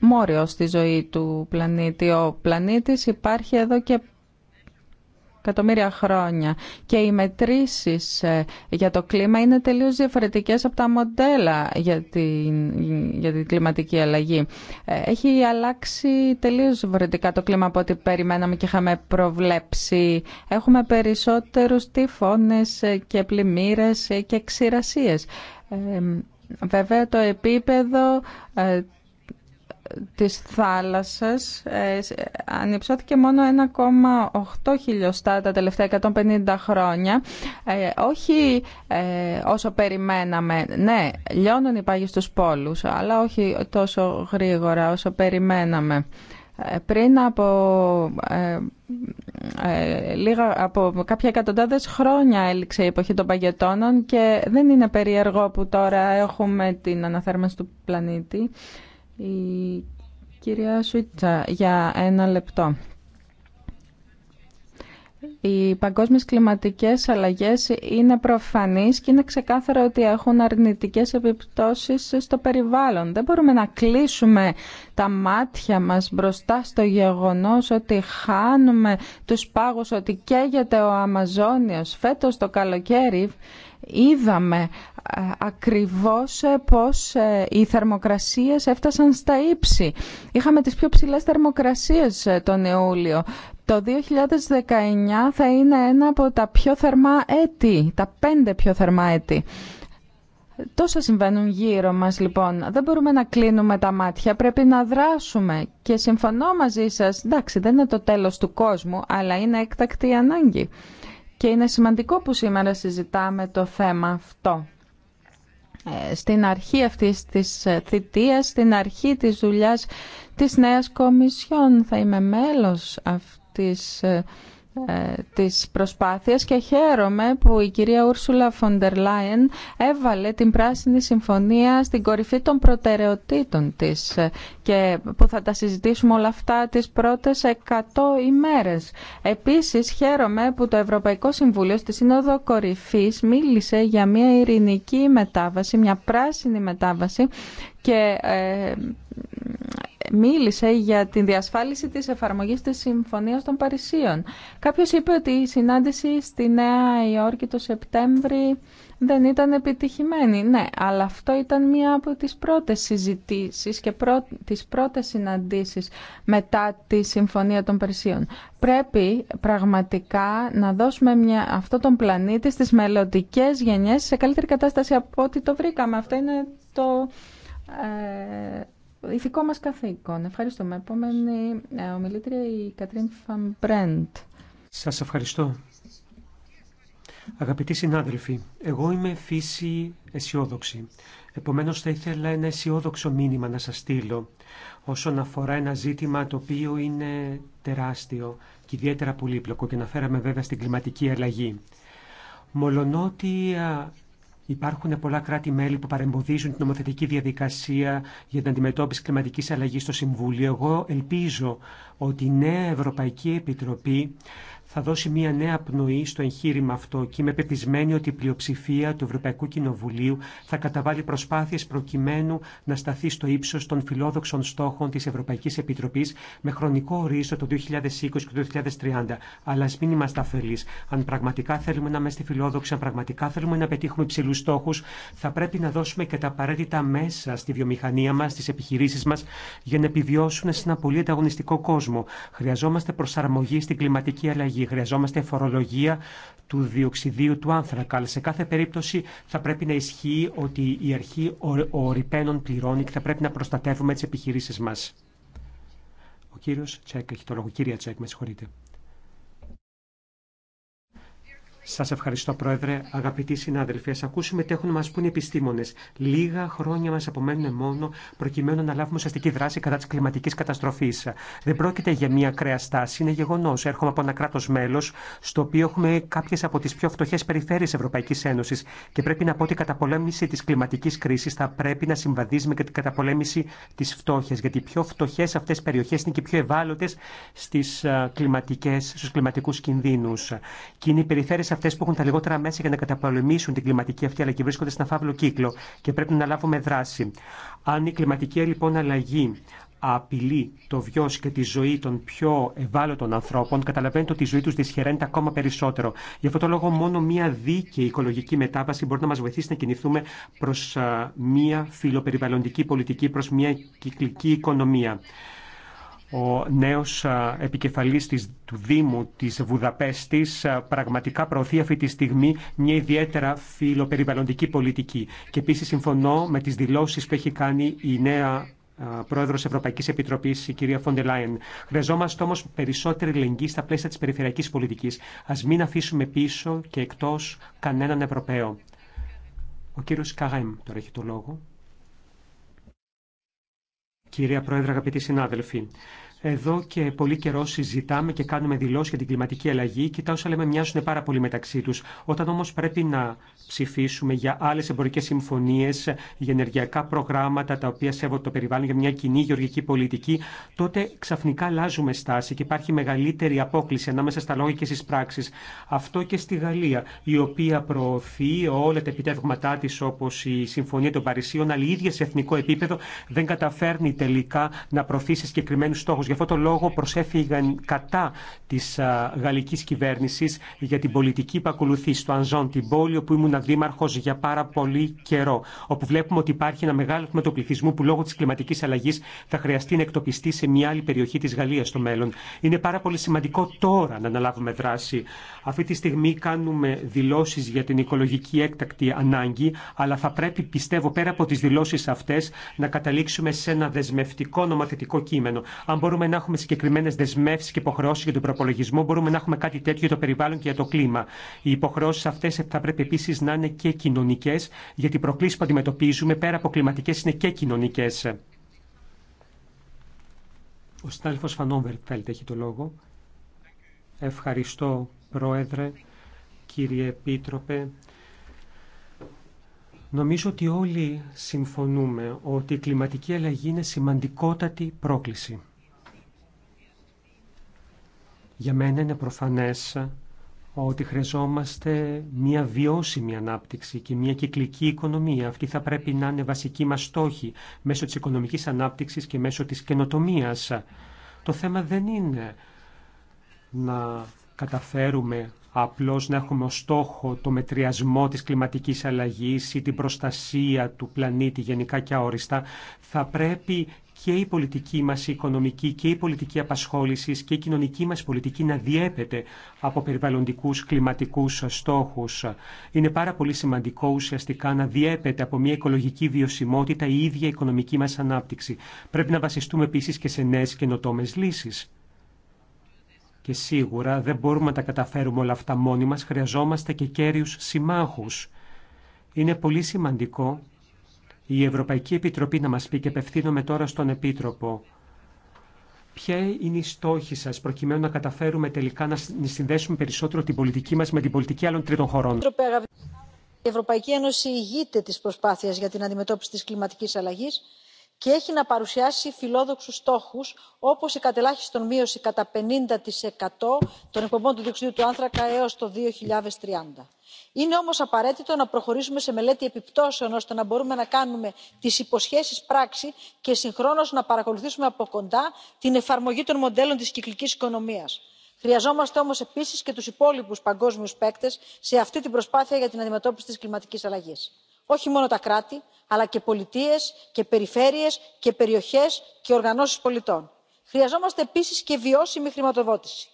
μόριο στη ζωή του πλανήτη. Ο πλανήτης υπάρχει εδώ και εκατομμύρια χρόνια και οι μετρήσεις ε, για το κλίμα είναι τελείως διαφορετικές από τα μοντέλα για την, για την κλιματική αλλαγή. Ε, έχει αλλάξει τελείως διαφορετικά το κλίμα από ό,τι περιμέναμε και είχαμε προβλέψει. Έχουμε περισσότερους τυφώνες ε, και πλημμύρες και ξηρασίες. Βέβαια το επίπεδο της θάλασσας ε, ανυψώθηκε μόνο 1,8 χιλιοστά τα τελευταία 150 χρόνια. Ε, όχι ε, όσο περιμέναμε. Ναι, λιώνουν οι πάγοι στους πόλους, αλλά όχι τόσο γρήγορα όσο περιμέναμε. Πριν από, ε, ε, λίγα, από κάποια εκατοντάδες χρόνια έληξε η εποχή των παγετώνων και δεν είναι περίεργο που τώρα έχουμε την αναθέρμανση του πλανήτη η κυρία Σουίτσα για ένα λεπτό. Οι παγκόσμιες κλιματικές αλλαγές είναι προφανείς και είναι ξεκάθαρο ότι έχουν αρνητικές επιπτώσεις στο περιβάλλον. Δεν μπορούμε να κλείσουμε τα μάτια μας μπροστά στο γεγονός ότι χάνουμε τους πάγους, ότι καίγεται ο Αμαζόνιος. Φέτος το καλοκαίρι είδαμε ακριβώς ε, πώς ε, οι θερμοκρασίες έφτασαν στα ύψη. Είχαμε τις πιο ψηλές θερμοκρασίες ε, τον Ιούλιο. Το 2019 θα είναι ένα από τα πιο θερμά έτη, τα πέντε πιο θερμά έτη. Τόσα συμβαίνουν γύρω μας λοιπόν. Δεν μπορούμε να κλείνουμε τα μάτια, πρέπει να δράσουμε. Και συμφωνώ μαζί σας, εντάξει δεν είναι το τέλος του κόσμου, αλλά είναι έκτακτη ανάγκη. Και είναι σημαντικό που σήμερα συζητάμε το θέμα αυτό. Ε, στην αρχή αυτής της ε, θητείας, στην αρχή της δουλειάς της νέας Κομισιόν. Θα είμαι μέλος αυτής ε, ε, της προσπάθειας και χαίρομαι που η κυρία Ούρσουλα Φοντερ Λάιεν έβαλε την Πράσινη Συμφωνία στην κορυφή των προτεραιοτήτων της ε, και που θα τα συζητήσουμε όλα αυτά τις πρώτες 100 ημέρες. Επίσης χαίρομαι που το Ευρωπαϊκό Συμβούλιο στη Σύνοδο Κορυφής μίλησε για μια ειρηνική μετάβαση, μια πράσινη μετάβαση και ε, μίλησε για τη διασφάλιση της εφαρμογής της Συμφωνίας των Παρισίων. Κάποιος είπε ότι η συνάντηση στη Νέα Υόρκη το Σεπτέμβρη δεν ήταν επιτυχημένη. Ναι, αλλά αυτό ήταν μία από τις πρώτες συζητήσεις και πρω... τις πρώτες συναντήσεις μετά τη Συμφωνία των Παρισίων. Πρέπει πραγματικά να δώσουμε μια... αυτό τον πλανήτη στις μελλοντικέ γενιές σε καλύτερη κατάσταση από ό,τι το βρήκαμε. Αυτό είναι το... Ε, ηθικό μας καθήκον. Ευχαριστούμε. Επόμενη ε, ομιλήτρια η Κατρίν Φαμπρέντ. Σας ευχαριστώ. Αγαπητοί συνάδελφοι, εγώ είμαι φύση αισιόδοξη. Επομένως θα ήθελα ένα αισιόδοξο μήνυμα να σας στείλω όσον αφορά ένα ζήτημα το οποίο είναι τεράστιο και ιδιαίτερα πολύπλοκο και αναφέραμε βέβαια στην κλιματική αλλαγή. Μολονότι Υπάρχουν πολλά κράτη-μέλη που παρεμποδίζουν την νομοθετική διαδικασία για την αντιμετώπιση κλιματικής αλλαγής στο Συμβούλιο. Εγώ ελπίζω ότι η νέα Ευρωπαϊκή Επιτροπή θα δώσει μια νέα πνοή στο εγχείρημα αυτό και είμαι πεπισμένη ότι η πλειοψηφία του Ευρωπαϊκού Κοινοβουλίου θα καταβάλει προσπάθειε προκειμένου να σταθεί στο ύψο των φιλόδοξων στόχων τη Ευρωπαϊκή Επιτροπή με χρονικό ορίζοντα το 2020 και το 2030. Αλλά α μην είμαστε αφελεί. Αν πραγματικά θέλουμε να είμαστε φιλόδοξοι, αν πραγματικά θέλουμε να πετύχουμε υψηλού στόχου, θα πρέπει να δώσουμε και τα απαραίτητα μέσα στη βιομηχανία μα, στι επιχειρήσει μα, για να επιβιώσουν σε ένα πολύ ανταγωνιστικό κόσμο. Χρειαζόμαστε προσαρμογή στην κλιματική αλλαγή χρειαζόμαστε φορολογία του διοξιδίου του άνθρακα. Αλλά σε κάθε περίπτωση θα πρέπει να ισχύει ότι η αρχή ο ρηπαίνων πληρώνει και θα πρέπει να προστατεύουμε τι επιχειρήσει μα. Ο κύριο Τσέκ έχει το λόγο. Κυρία Τσέκ, με συγχωρείτε. Σα ευχαριστώ Πρόεδρε, αγαπητοί συνάδελφοι. α ακούσουμε τι έχουν να μας πούν οι επιστήμονες. Λίγα χρόνια μα απομένουν μόνο προκειμένου να λάβουμε ουσιαστική δράση κατά τη κλιματική καταστροφή. Δεν πρόκειται για μια ακραία στάση, είναι γεγονό. Έρχομαι από ένα κράτο μέλο, στο οποίο έχουμε κάποιε από τι πιο φτωχέ περιφέρειες Ευρωπαϊκή Ένωση και πρέπει να πω ότι η καταπολέμηση της κλιματικής κρίσης θα πρέπει να συμβαδίζει με την καταπολέμηση τη φτώχεια, γιατί οι πιο φτωχέ αυτέ περιοχέ είναι και πιο ευάλωτες στις κλιματικού κινδύνου. Και είναι οι αυτέ που έχουν τα λιγότερα μέσα για να καταπολεμήσουν την κλιματική αυτή, αλλά και βρίσκονται στην αφάβλο κύκλο και πρέπει να λάβουμε δράση. Αν η κλιματική λοιπόν αλλαγή απειλεί το βιό και τη ζωή των πιο ευάλωτων ανθρώπων, καταλαβαίνετε ότι η ζωή του δυσχεραίνεται ακόμα περισσότερο. Γι' αυτό το λόγο, μόνο μία δίκαιη οικολογική μετάβαση μπορεί να μα βοηθήσει να κινηθούμε προ μία φιλοπεριβαλλοντική πολιτική, προ μία κυκλική οικονομία ο νέος επικεφαλής της, του Δήμου της Βουδαπέστης πραγματικά προωθεί αυτή τη στιγμή μια ιδιαίτερα φιλοπεριβαλλοντική πολιτική. Και επίσης συμφωνώ με τις δηλώσεις που έχει κάνει η νέα Πρόεδρο Ευρωπαϊκή Επιτροπή, η κυρία Φόντε Λάιεν. Χρειαζόμαστε όμω περισσότερη ελεγγύη στα πλαίσια τη περιφερειακή πολιτική. Α μην αφήσουμε πίσω και εκτό κανέναν Ευρωπαίο. Ο κύριο Καγάιμ τώρα έχει το λόγο. Κυρία Πρόεδρε, αγαπητοί συνάδελφοι, εδώ και πολύ καιρό συζητάμε και κάνουμε δηλώσει για την κλιματική αλλαγή και τα όσα λέμε μοιάζουν πάρα πολύ μεταξύ του. Όταν όμω πρέπει να ψηφίσουμε για άλλε εμπορικέ συμφωνίε, για ενεργειακά προγράμματα τα οποία σέβονται το περιβάλλον, για μια κοινή γεωργική πολιτική, τότε ξαφνικά αλλάζουμε στάση και υπάρχει μεγαλύτερη απόκληση ανάμεσα στα λόγια και στι πράξει. Αυτό και στη Γαλλία, η οποία προωθεί όλα τα επιτεύγματά τη, όπω η Συμφωνία των Παρισίων, αλλά η ίδια σε εθνικό επίπεδο δεν καταφέρνει τελικά να προωθήσει συγκεκριμένου στόχου Γι' αυτό το λόγο προσέφηγαν κατά τη γαλλική κυβέρνηση για την πολιτική που ακολουθεί στο Ανζόν, την πόλη όπου ήμουν δήμαρχο για πάρα πολύ καιρό. Όπου βλέπουμε ότι υπάρχει ένα μεγάλο τμήμα που λόγω τη κλιματική αλλαγή θα χρειαστεί να εκτοπιστεί σε μια άλλη περιοχή τη Γαλλία στο μέλλον. Είναι πάρα πολύ σημαντικό τώρα να αναλάβουμε δράση. Αυτή τη στιγμή κάνουμε δηλώσει για την οικολογική έκτακτη ανάγκη, αλλά θα πρέπει, πιστεύω, πέρα από τι δηλώσει αυτέ, να καταλήξουμε σε ένα δεσμευτικό νομοθετικό κείμενο. Αν μπορούμε να έχουμε συγκεκριμένε δεσμεύσει και υποχρεώσει για τον προπολογισμό, μπορούμε να έχουμε κάτι τέτοιο για το περιβάλλον και για το κλίμα. Οι υποχρεώσει αυτέ θα πρέπει επίση να είναι και κοινωνικέ, γιατί οι προκλήσει που αντιμετωπίζουμε πέρα από κλιματικέ είναι και κοινωνικέ. Ο συνάδελφο Φανόβερτ, θέλετε, έχει το λόγο. Ευχαριστώ, Πρόεδρε, κύριε Επίτροπε. Νομίζω ότι όλοι συμφωνούμε ότι η κλιματική αλλαγή είναι σημαντικότατη πρόκληση. Για μένα είναι προφανές ότι χρειαζόμαστε μια βιώσιμη ανάπτυξη και μια κυκλική οικονομία. Αυτή θα πρέπει να είναι βασική μας στόχη μέσω της οικονομικής ανάπτυξης και μέσω της καινοτομία. Το θέμα δεν είναι να καταφέρουμε απλώς να έχουμε ως στόχο το μετριασμό της κλιματικής αλλαγής ή την προστασία του πλανήτη γενικά και αόριστα, θα πρέπει και η πολιτική μας οικονομική και η πολιτική απασχόλησης και η κοινωνική μας πολιτική να διέπεται από περιβαλλοντικούς κλιματικούς στόχους. Είναι πάρα πολύ σημαντικό ουσιαστικά να διέπεται από μια οικολογική βιωσιμότητα η ίδια οικονομική μας ανάπτυξη. Πρέπει να βασιστούμε επίσης και σε νέες καινοτόμε λύσεις. Και σίγουρα δεν μπορούμε να τα καταφέρουμε όλα αυτά μόνοι μας, χρειαζόμαστε και κέριους συμμάχους. Είναι πολύ σημαντικό η Ευρωπαϊκή Επιτροπή να μας πει και απευθύνομαι τώρα στον Επίτροπο. Ποια είναι η στόχη σας προκειμένου να καταφέρουμε τελικά να συνδέσουμε περισσότερο την πολιτική μας με την πολιτική άλλων τρίτων χωρών. Η Ευρωπαϊκή Ένωση ηγείται της προσπάθειας για την αντιμετώπιση της κλιματικής αλλαγής και έχει να παρουσιάσει φιλόδοξους στόχους όπως η κατελάχιστον μείωση κατά 50% των εκπομπών του διοξυδίου του άνθρακα έως το 2030. Είναι όμως απαραίτητο να προχωρήσουμε σε μελέτη επιπτώσεων ώστε να μπορούμε να κάνουμε τις υποσχέσεις πράξη και συγχρόνως να παρακολουθήσουμε από κοντά την εφαρμογή των μοντέλων της κυκλικής οικονομίας. Χρειαζόμαστε όμως επίσης και τους υπόλοιπους παγκόσμιους παίκτες σε αυτή την προσπάθεια για την αντιμετώπιση της κλιματικής αλλαγής όχι μόνο τα κράτη αλλά και πολιτείες και περιφέρειες και περιοχές και οργανώσεις πολιτών. χρειαζόμαστε επίσης και βιώσιμη χρηματοδότηση.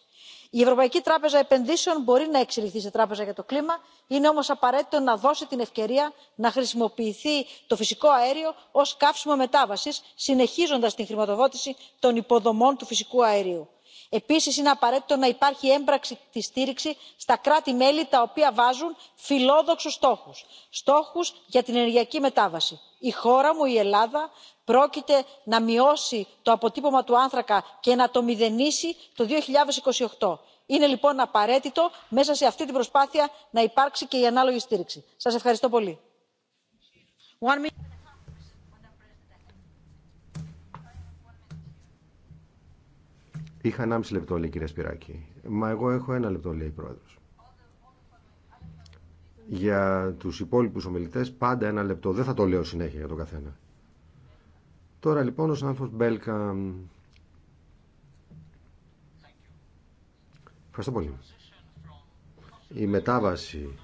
η ευρωπαϊκή τράπεζα επενδύσεων μπορεί να εξελιχθεί σε τράπεζα για το κλίμα είναι όμως απαραίτητο να δώσει την ευκαιρία να χρησιμοποιηθεί το φυσικό αέριο ως καύσιμο μετάβασης συνεχίζοντας τη χρηματοδότηση των υποδομών του φυσικού αερίου επίσης είναι απαραίτητο να υπάρχει έμπρακτη στήριξη στα κράτη μέλη τα οποία βάζουν φιλόδοξους στόχους στόχους για την ενεργειακή μετάβαση. η χώρα μου η ελλάδα πρόκειται να μειώσει το αποτύπωμα του άνθρακα και να το μηδενίσει το. 2028. είναι λοιπόν απαραίτητο μέσα σε αυτή την προσπάθεια να υπάρξει και η ανάλογη στήριξη. σας ευχαριστώ πολύ. Είχα 1,5 λεπτό, λέει η κυρία Σπυράκη. Μα εγώ έχω ένα λεπτό, λέει η πρόεδρο. Για τους υπόλοιπου ομιλητέ, πάντα ένα λεπτό. Δεν θα το λέω συνέχεια για τον καθένα. Τώρα λοιπόν ο συνάδελφο Μπέλκα. Ευχαριστώ πολύ. Η μετάβαση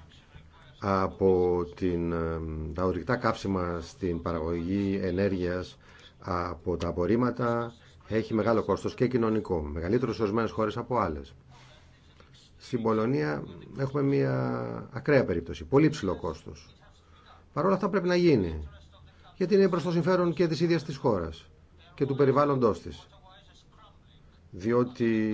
από την, ε, τα ορυκτά κάψιμα στην παραγωγή ενέργειας από τα απορρίμματα έχει μεγάλο κόστος και κοινωνικό, μεγαλύτερο σε ορισμένες χώρες από άλλες. Στην Πολωνία έχουμε μια ακραία περίπτωση, πολύ ψηλό κόστος. Παρ' όλα αυτά πρέπει να γίνει, γιατί είναι προς το συμφέρον και της ίδιας της χώρας και του περιβάλλοντός της. Διότι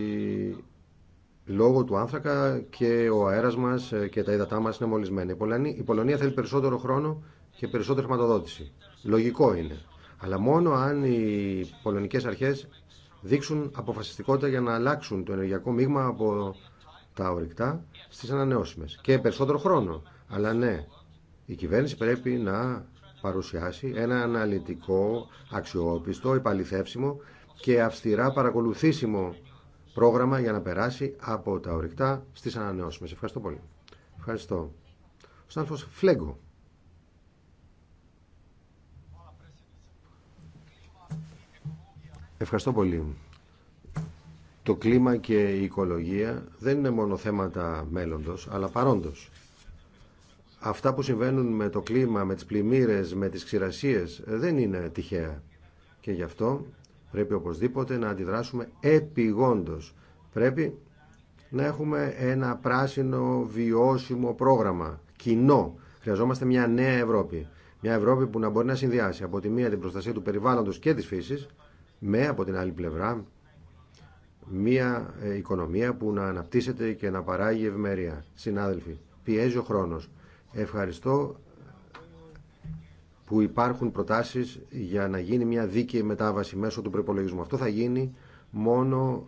λόγω του άνθρακα και ο αέρας μας και τα ύδατά μας είναι μολυσμένα. Η Πολωνία θέλει περισσότερο χρόνο και περισσότερη χρηματοδότηση. Λογικό είναι αλλά μόνο αν οι πολωνικές αρχές δείξουν αποφασιστικότητα για να αλλάξουν το ενεργειακό μείγμα από τα ορυκτά στις ανανεώσιμες. Και περισσότερο χρόνο. Αλλά ναι, η κυβέρνηση πρέπει να παρουσιάσει ένα αναλυτικό, αξιόπιστο, επαληθεύσιμο και αυστηρά παρακολουθήσιμο πρόγραμμα για να περάσει από τα ορυκτά στις ανανεώσιμες. Ευχαριστώ πολύ. Ευχαριστώ. Σαν Φλέγκο. Ευχαριστώ πολύ. Το κλίμα και η οικολογία δεν είναι μόνο θέματα μέλλοντος, αλλά παρόντος. Αυτά που συμβαίνουν με το κλίμα, με τις πλημμύρες, με τις ξηρασίες, δεν είναι τυχαία. Και γι' αυτό πρέπει οπωσδήποτε να αντιδράσουμε επιγόντως. Πρέπει να έχουμε ένα πράσινο βιώσιμο πρόγραμμα, κοινό. Χρειαζόμαστε μια νέα Ευρώπη. Μια Ευρώπη που να μπορεί να συνδυάσει από τη μία την προστασία του περιβάλλοντος και της φύσης με από την άλλη πλευρά μια ε, οικονομία που να αναπτύσσεται και να παράγει ευημερία. Συνάδελφοι, πιέζει ο χρόνος. Ευχαριστώ που υπάρχουν προτάσεις για να γίνει μια δίκαιη μετάβαση μέσω του προπολογισμού. Αυτό θα γίνει μόνο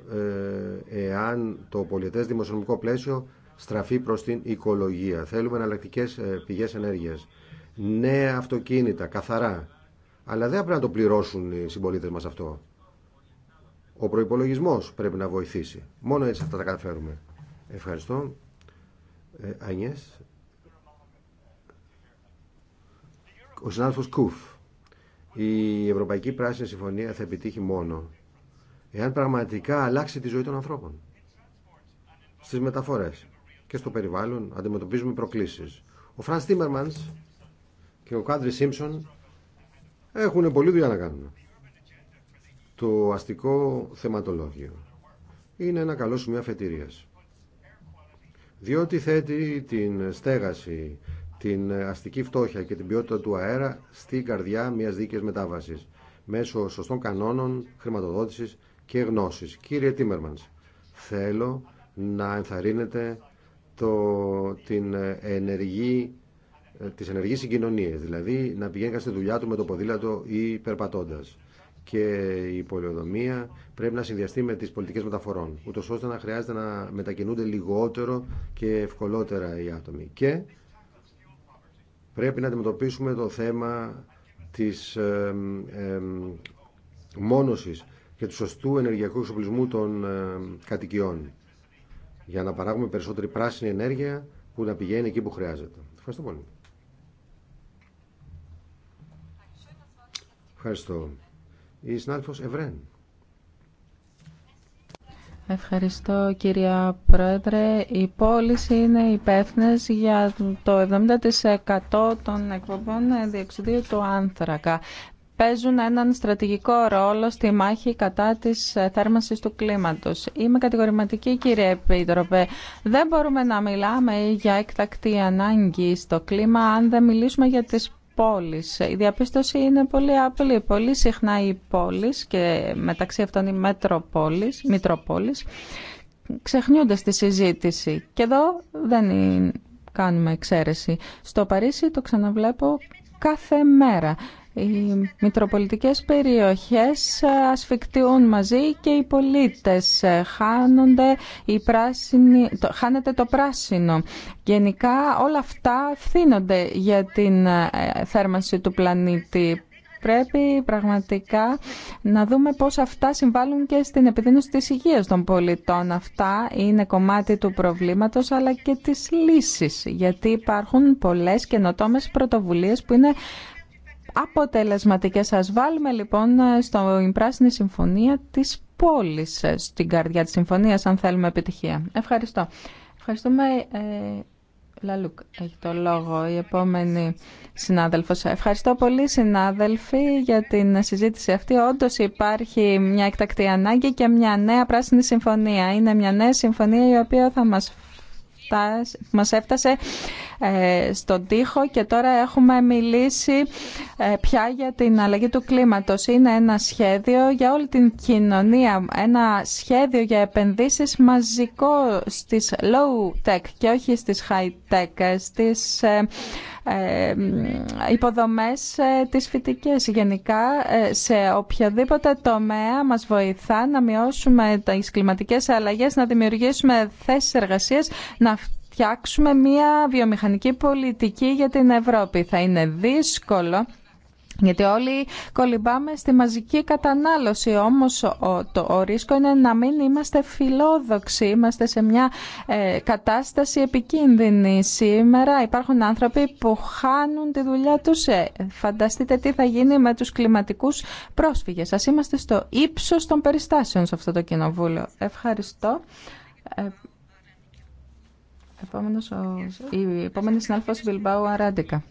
ε, εάν το πολιτές δημοσιονομικό πλαίσιο στραφεί προς την οικολογία. Θέλουμε εναλλακτικέ ε, πηγές ενέργειας. Νέα αυτοκίνητα, καθαρά, αλλά δεν πρέπει να το πληρώσουν οι συμπολίτε μα αυτό. Ο προπολογισμό πρέπει να βοηθήσει. Μόνο έτσι θα τα καταφέρουμε. Ευχαριστώ. Ανιές. Ε, ο συνάδελφο Κουφ. Η Ευρωπαϊκή Πράσινη Συμφωνία θα επιτύχει μόνο εάν πραγματικά αλλάξει τη ζωή των ανθρώπων. Στις μεταφορές και στο περιβάλλον αντιμετωπίζουμε προκλήσει. Ο Φραν Τίμερμαν και ο Κάντρι Σίμψον έχουν πολλή δουλειά να κάνουν. Το αστικό θεματολόγιο είναι ένα καλό σημείο αφετηρίας. Διότι θέτει την στέγαση, την αστική φτώχεια και την ποιότητα του αέρα στη καρδιά μιας δίκαιης μετάβασης μέσω σωστών κανόνων χρηματοδότησης και γνώσης. Κύριε Τίμερμανς, θέλω να ενθαρρύνετε το, την ενεργή ε, τις ενεργείς συγκοινωνίες, δηλαδή να πηγαίνει στη δουλειά του με το ποδήλατο ή περπατώντας. Και η πολεοδομία πρέπει να συνδυαστεί με τις πολιτικές μεταφορών, ούτω ώστε να χρειάζεται να μετακινούνται λιγότερο και ευκολότερα οι άτομοι. Και πρέπει να αντιμετωπίσουμε το θέμα της ε, ε, μόνωσης και του σωστού ενεργειακού εξοπλισμού των κατοικιών για να παράγουμε περισσότερη πράσινη ενέργεια που να πηγαίνει εκεί που χρειάζεται. Ευχαριστώ πολύ. Ευχαριστώ. Η συνάδελφος Ευρέν. Ευχαριστώ κυρία Πρόεδρε. Η πόλεις είναι υπεύθυνε για το 70% των εκπομπών διεξιδίου του άνθρακα. Παίζουν έναν στρατηγικό ρόλο στη μάχη κατά της θέρμανσης του κλίματος. Είμαι κατηγορηματική κύριε Επίτροπε. Δεν μπορούμε να μιλάμε για εκτακτή ανάγκη στο κλίμα αν δεν μιλήσουμε για τις πόλεις. Η διαπίστωση είναι πολύ απλή. Πολύ συχνά οι πόλεις και μεταξύ αυτών οι μετροπόλεις, μητροπόλεις ξεχνιούνται στη συζήτηση. Και εδώ δεν κάνουμε εξαίρεση. Στο Παρίσι το ξαναβλέπω κάθε μέρα. Οι μητροπολιτικές περιοχές ασφικτιούν μαζί και οι πολίτες. Χάνονται το, χάνεται το πράσινο. Γενικά όλα αυτά ευθύνονται για την ε, θέρμανση του πλανήτη. Πρέπει πραγματικά να δούμε πώς αυτά συμβάλλουν και στην επιδείνωση της υγείας των πολιτών. Αυτά είναι κομμάτι του προβλήματος αλλά και της λύσης, γιατί υπάρχουν πολλές καινοτόμες πρωτοβουλίες που είναι αποτελεσματικές. σας. βάλουμε λοιπόν στην Πράσινη Συμφωνία της πόλης ε, στην καρδιά της συμφωνίας αν θέλουμε επιτυχία. Ευχαριστώ. Ευχαριστούμε. Ε, Λαλούκ, έχει το λόγο η επόμενη συνάδελφος. Ευχαριστώ πολύ συνάδελφοι για την συζήτηση αυτή. Όντως υπάρχει μια εκτακτή ανάγκη και μια νέα πράσινη συμφωνία. Είναι μια νέα συμφωνία η οποία θα μας μας έφτασε ε, στον τοίχο και τώρα έχουμε μιλήσει ε, πια για την αλλαγή του κλίματος. Είναι ένα σχέδιο για όλη την κοινωνία, ένα σχέδιο για επενδύσεις μαζικό στις low-tech και όχι στις high-tech, στις ε, υποδομές της φυτικής Γενικά σε οποιαδήποτε τομέα μας βοηθά να μειώσουμε τις κλιματικές αλλαγές, να δημιουργήσουμε θέσεις εργασίας, να φτιάξουμε μια βιομηχανική πολιτική για την Ευρώπη. Θα είναι δύσκολο γιατί όλοι κολυμπάμε στη μαζική κατανάλωση, όμως το, ο ρίσκο είναι να μην είμαστε φιλόδοξοι, είμαστε σε μια ε, κατάσταση επικίνδυνη. Σήμερα υπάρχουν άνθρωποι που χάνουν τη δουλειά τους. Ε, φανταστείτε τι θα γίνει με τους κλιματικούς πρόσφυγες. Ας είμαστε στο ύψος των περιστάσεων σε αυτό το κοινοβούλιο. Ευχαριστώ. Ε, Επόμενος, ο, η επόμενη συνάδελφος Βιλμπάου Αράντικα.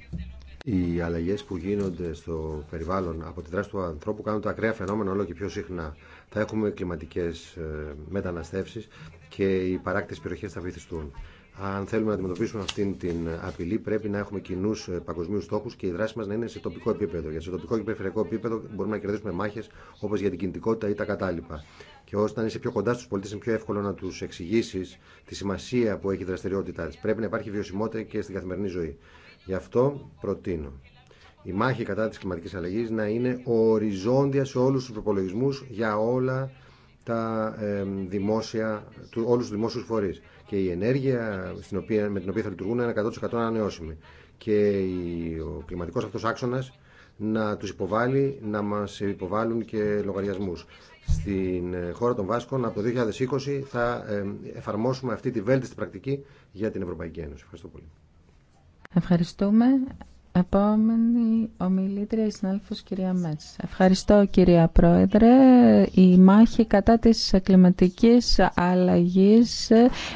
Οι αλλαγέ που γίνονται στο περιβάλλον από τη δράση του ανθρώπου κάνουν τα ακραία φαινόμενα όλο και πιο συχνά. Θα έχουμε κλιματικέ ε, μεταναστεύσει και οι παράκτε περιοχέ θα βυθιστούν. Αν θέλουμε να αντιμετωπίσουμε αυτήν την απειλή, πρέπει να έχουμε κοινού ε, παγκοσμίου στόχου και η δράση μα να είναι σε τοπικό επίπεδο. Για σε τοπικό και περιφερειακό επίπεδο μπορούμε να κερδίσουμε μάχε όπω για την κινητικότητα ή τα κατάλοιπα. Και όταν είσαι πιο κοντά στου πολίτε, είναι πιο εύκολο να του εξηγήσει τη σημασία που έχει η δραστηριότητά τη. Πρέπει να υπάρχει βιωσιμότητα και στην καθημερινή ζωή. Γι' αυτό προτείνω η μάχη κατά τη κλιματική αλλαγή να είναι οριζόντια σε όλου του προπολογισμού για όλα τα ε, δημόσια, του, όλους τους φορείς και η ενέργεια στην οποία, με την οποία θα λειτουργούν είναι 100% ανανεώσιμη και ο κλιματικό αυτό άξονα να του υποβάλει, να μα υποβάλουν και λογαριασμού στην ε, χώρα των Βάσκων από το 2020 θα ε, εφαρμόσουμε αυτή τη βέλτιστη πρακτική για την Ευρωπαϊκή Ένωση. Ευχαριστώ πολύ. Ευχαριστούμε. Επόμενη ομιλήτρια η συνάδελφος κυρία Μέτς. Ευχαριστώ κυρία Πρόεδρε. Η μάχη κατά της κλιματικής αλλαγής,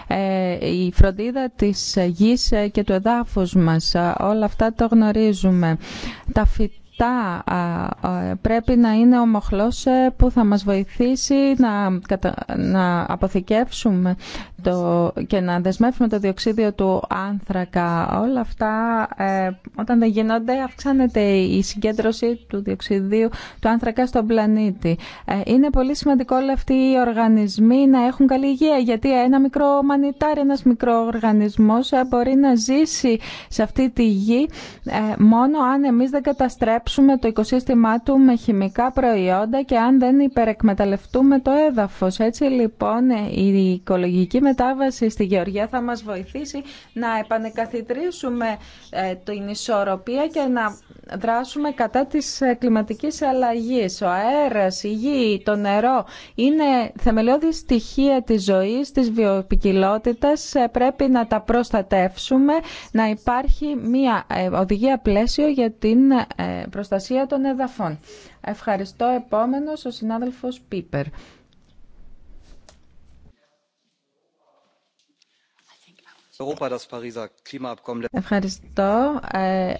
ε, η φροντίδα της γης και του εδάφους μας, όλα αυτά το γνωρίζουμε. Τα Αυτά πρέπει να είναι ο ε, που θα μας βοηθήσει να αποθηκεύσουμε και να δεσμεύσουμε το διοξίδιο του άνθρακα, όλα αυτά ε, όταν δεν γίνονται αυξάνεται η συγκέντρωση του διοξιδίου του άνθρακα στον πλανήτη. Ε, είναι πολύ σημαντικό όλοι αυτοί οι οργανισμοί να έχουν καλή υγεία γιατί ένα μικρό μανιτάρι, ένας μικροοργανισμός ε, μπορεί να ζήσει σε αυτή τη γη μόνο αν εμείς δεν καταστρέψουμε το οικοσύστημά του με χημικά προϊόντα και αν δεν υπερεκμεταλλευτούμε το έδαφος. Έτσι λοιπόν η οικολογική με μετάβαση στη Γεωργία θα μας βοηθήσει να επανεκαθιδρύσουμε ε, την ισορροπία και να δράσουμε κατά της ε, κλιματικής αλλαγής. Ο αέρας, η γη, το νερό είναι θεμελιώδη στοιχεία της ζωής, της βιοποικιλότητας. Ε, πρέπει να τα προστατεύσουμε, να υπάρχει μια οδηγία πλαίσιο για την προστασία των εδαφών. Ευχαριστώ επόμενος ο συνάδελφος Πίπερ. Ευχαριστώ. Ε, ε,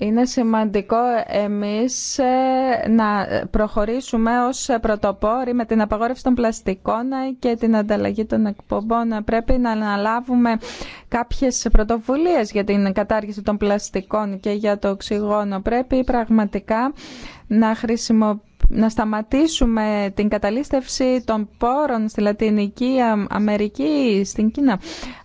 είναι σημαντικό εμείς ε, να προχωρήσουμε ως πρωτοπόροι με την απαγόρευση των πλαστικών και την ανταλλαγή των εκπομπών. Πρέπει να αναλάβουμε κάποιες πρωτοβουλίες για την κατάργηση των πλαστικών και για το οξυγόνο. Πρέπει πραγματικά να χρησιμοποιήσουμε να σταματήσουμε την καταλήστευση των πόρων στη Λατινική Αμερική, στην Κίνα.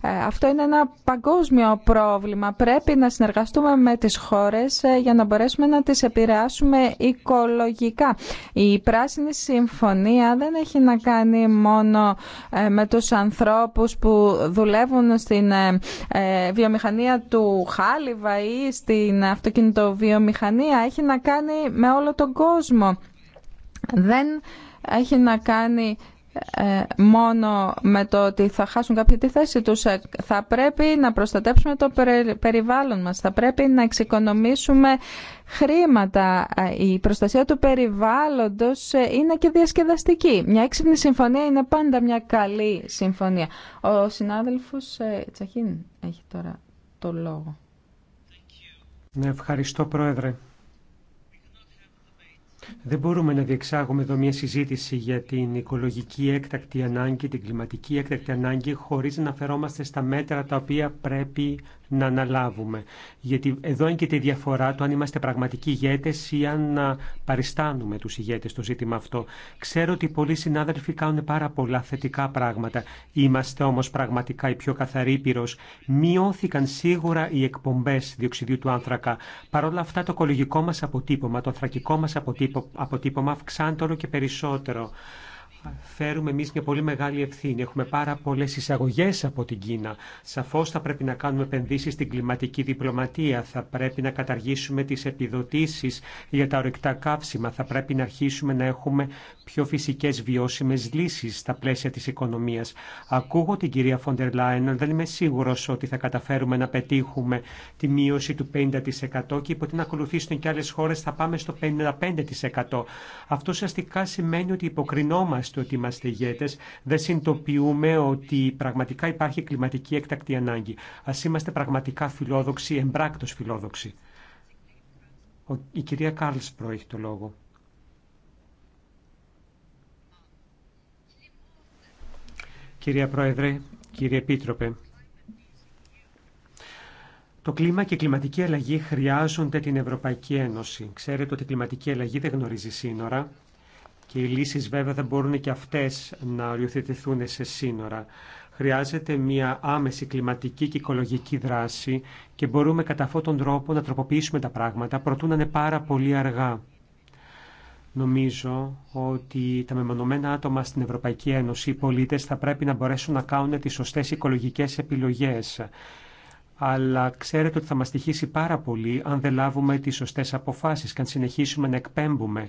Ε, αυτό είναι ένα παγκόσμιο πρόβλημα. Πρέπει να συνεργαστούμε με τις χώρες ε, για να μπορέσουμε να τις επηρεάσουμε οικολογικά. Η Πράσινη Συμφωνία δεν έχει να κάνει μόνο ε, με τους ανθρώπους που δουλεύουν στην βιομηχανία του Χάλιβα ή στην αυτοκινητοβιομηχανία. Έχει να κάνει με όλο τον κόσμο δεν έχει να κάνει ε, μόνο με το ότι θα χάσουν κάποια τη θέση τους. Ε, θα πρέπει να προστατέψουμε το περιβάλλον μας, θα πρέπει να εξοικονομήσουμε χρήματα. Ε, η προστασία του περιβάλλοντος είναι και διασκεδαστική. Μια έξυπνη συμφωνία είναι πάντα μια καλή συμφωνία. Ο συνάδελφος Τσαχίν έχει τώρα το λόγο. Ναι, ευχαριστώ Πρόεδρε. Δεν μπορούμε να διεξάγουμε εδώ μια συζήτηση για την οικολογική έκτακτη ανάγκη, την κλιματική έκτακτη ανάγκη, χωρίς να φερόμαστε στα μέτρα τα οποία πρέπει να αναλάβουμε. Γιατί εδώ είναι και τη διαφορά του αν είμαστε πραγματικοί ηγέτε ή αν παριστάνουμε τους ηγέτες στο ζήτημα αυτό. Ξέρω ότι πολλοί συνάδελφοι κάνουν πάρα πολλά θετικά πράγματα. Είμαστε όμως πραγματικά οι πιο καθαρή πυρος. Μειώθηκαν σίγουρα οι εκπομπές διοξιδίου του άνθρακα. Παρ' όλα αυτά το οικολογικό μα αποτύπωμα, το ανθρακικό μας αποτύπωμα αυξάνεται όλο και περισσότερο φέρουμε εμείς μια πολύ μεγάλη ευθύνη. Έχουμε πάρα πολλές εισαγωγέ από την Κίνα. Σαφώς θα πρέπει να κάνουμε επενδύσεις στην κλιματική διπλωματία. Θα πρέπει να καταργήσουμε τις επιδοτήσεις για τα ορεικτά καύσιμα. Θα πρέπει να αρχίσουμε να έχουμε πιο φυσικές βιώσιμες λύσεις στα πλαίσια της οικονομίας. Ακούγω την κυρία Φοντερ Λάιν, αλλά δεν είμαι σίγουρος ότι θα καταφέρουμε να πετύχουμε τη μείωση του 50% και υπό την ακολουθήσουν και άλλες χώρες θα πάμε στο 55%. Αυτό ουσιαστικά σημαίνει ότι υποκρινόμαστε ότι είμαστε ηγέτες, δεν συνειδητοποιούμε ότι πραγματικά υπάρχει κλιματική έκτακτη ανάγκη. Ας είμαστε πραγματικά φιλόδοξοι, εμπράκτος φιλόδοξοι. Η κυρία Κάρλσπρο προέχει το λόγο. Κυρία Πρόεδρε, κύριε Επίτροπε, το κλίμα και η κλιματική αλλαγή χρειάζονται την Ευρωπαϊκή Ένωση. Ξέρετε ότι η κλιματική αλλαγή δεν γνωρίζει σύνορα και οι λύσεις βέβαια δεν μπορούν και αυτές να οριοθετηθούν σε σύνορα. Χρειάζεται μια άμεση κλιματική και οικολογική δράση και μπορούμε κατά αυτόν τον τρόπο να τροποποιήσουμε τα πράγματα προτού να είναι πάρα πολύ αργά. Νομίζω ότι τα μεμονωμένα άτομα στην Ευρωπαϊκή Ένωση, οι πολίτες, θα πρέπει να μπορέσουν να κάνουν τις σωστές οικολογικές επιλογές. Αλλά ξέρετε ότι θα μας τυχίσει πάρα πολύ αν δεν λάβουμε τις σωστές αποφάσεις και αν συνεχίσουμε να εκπέμπουμε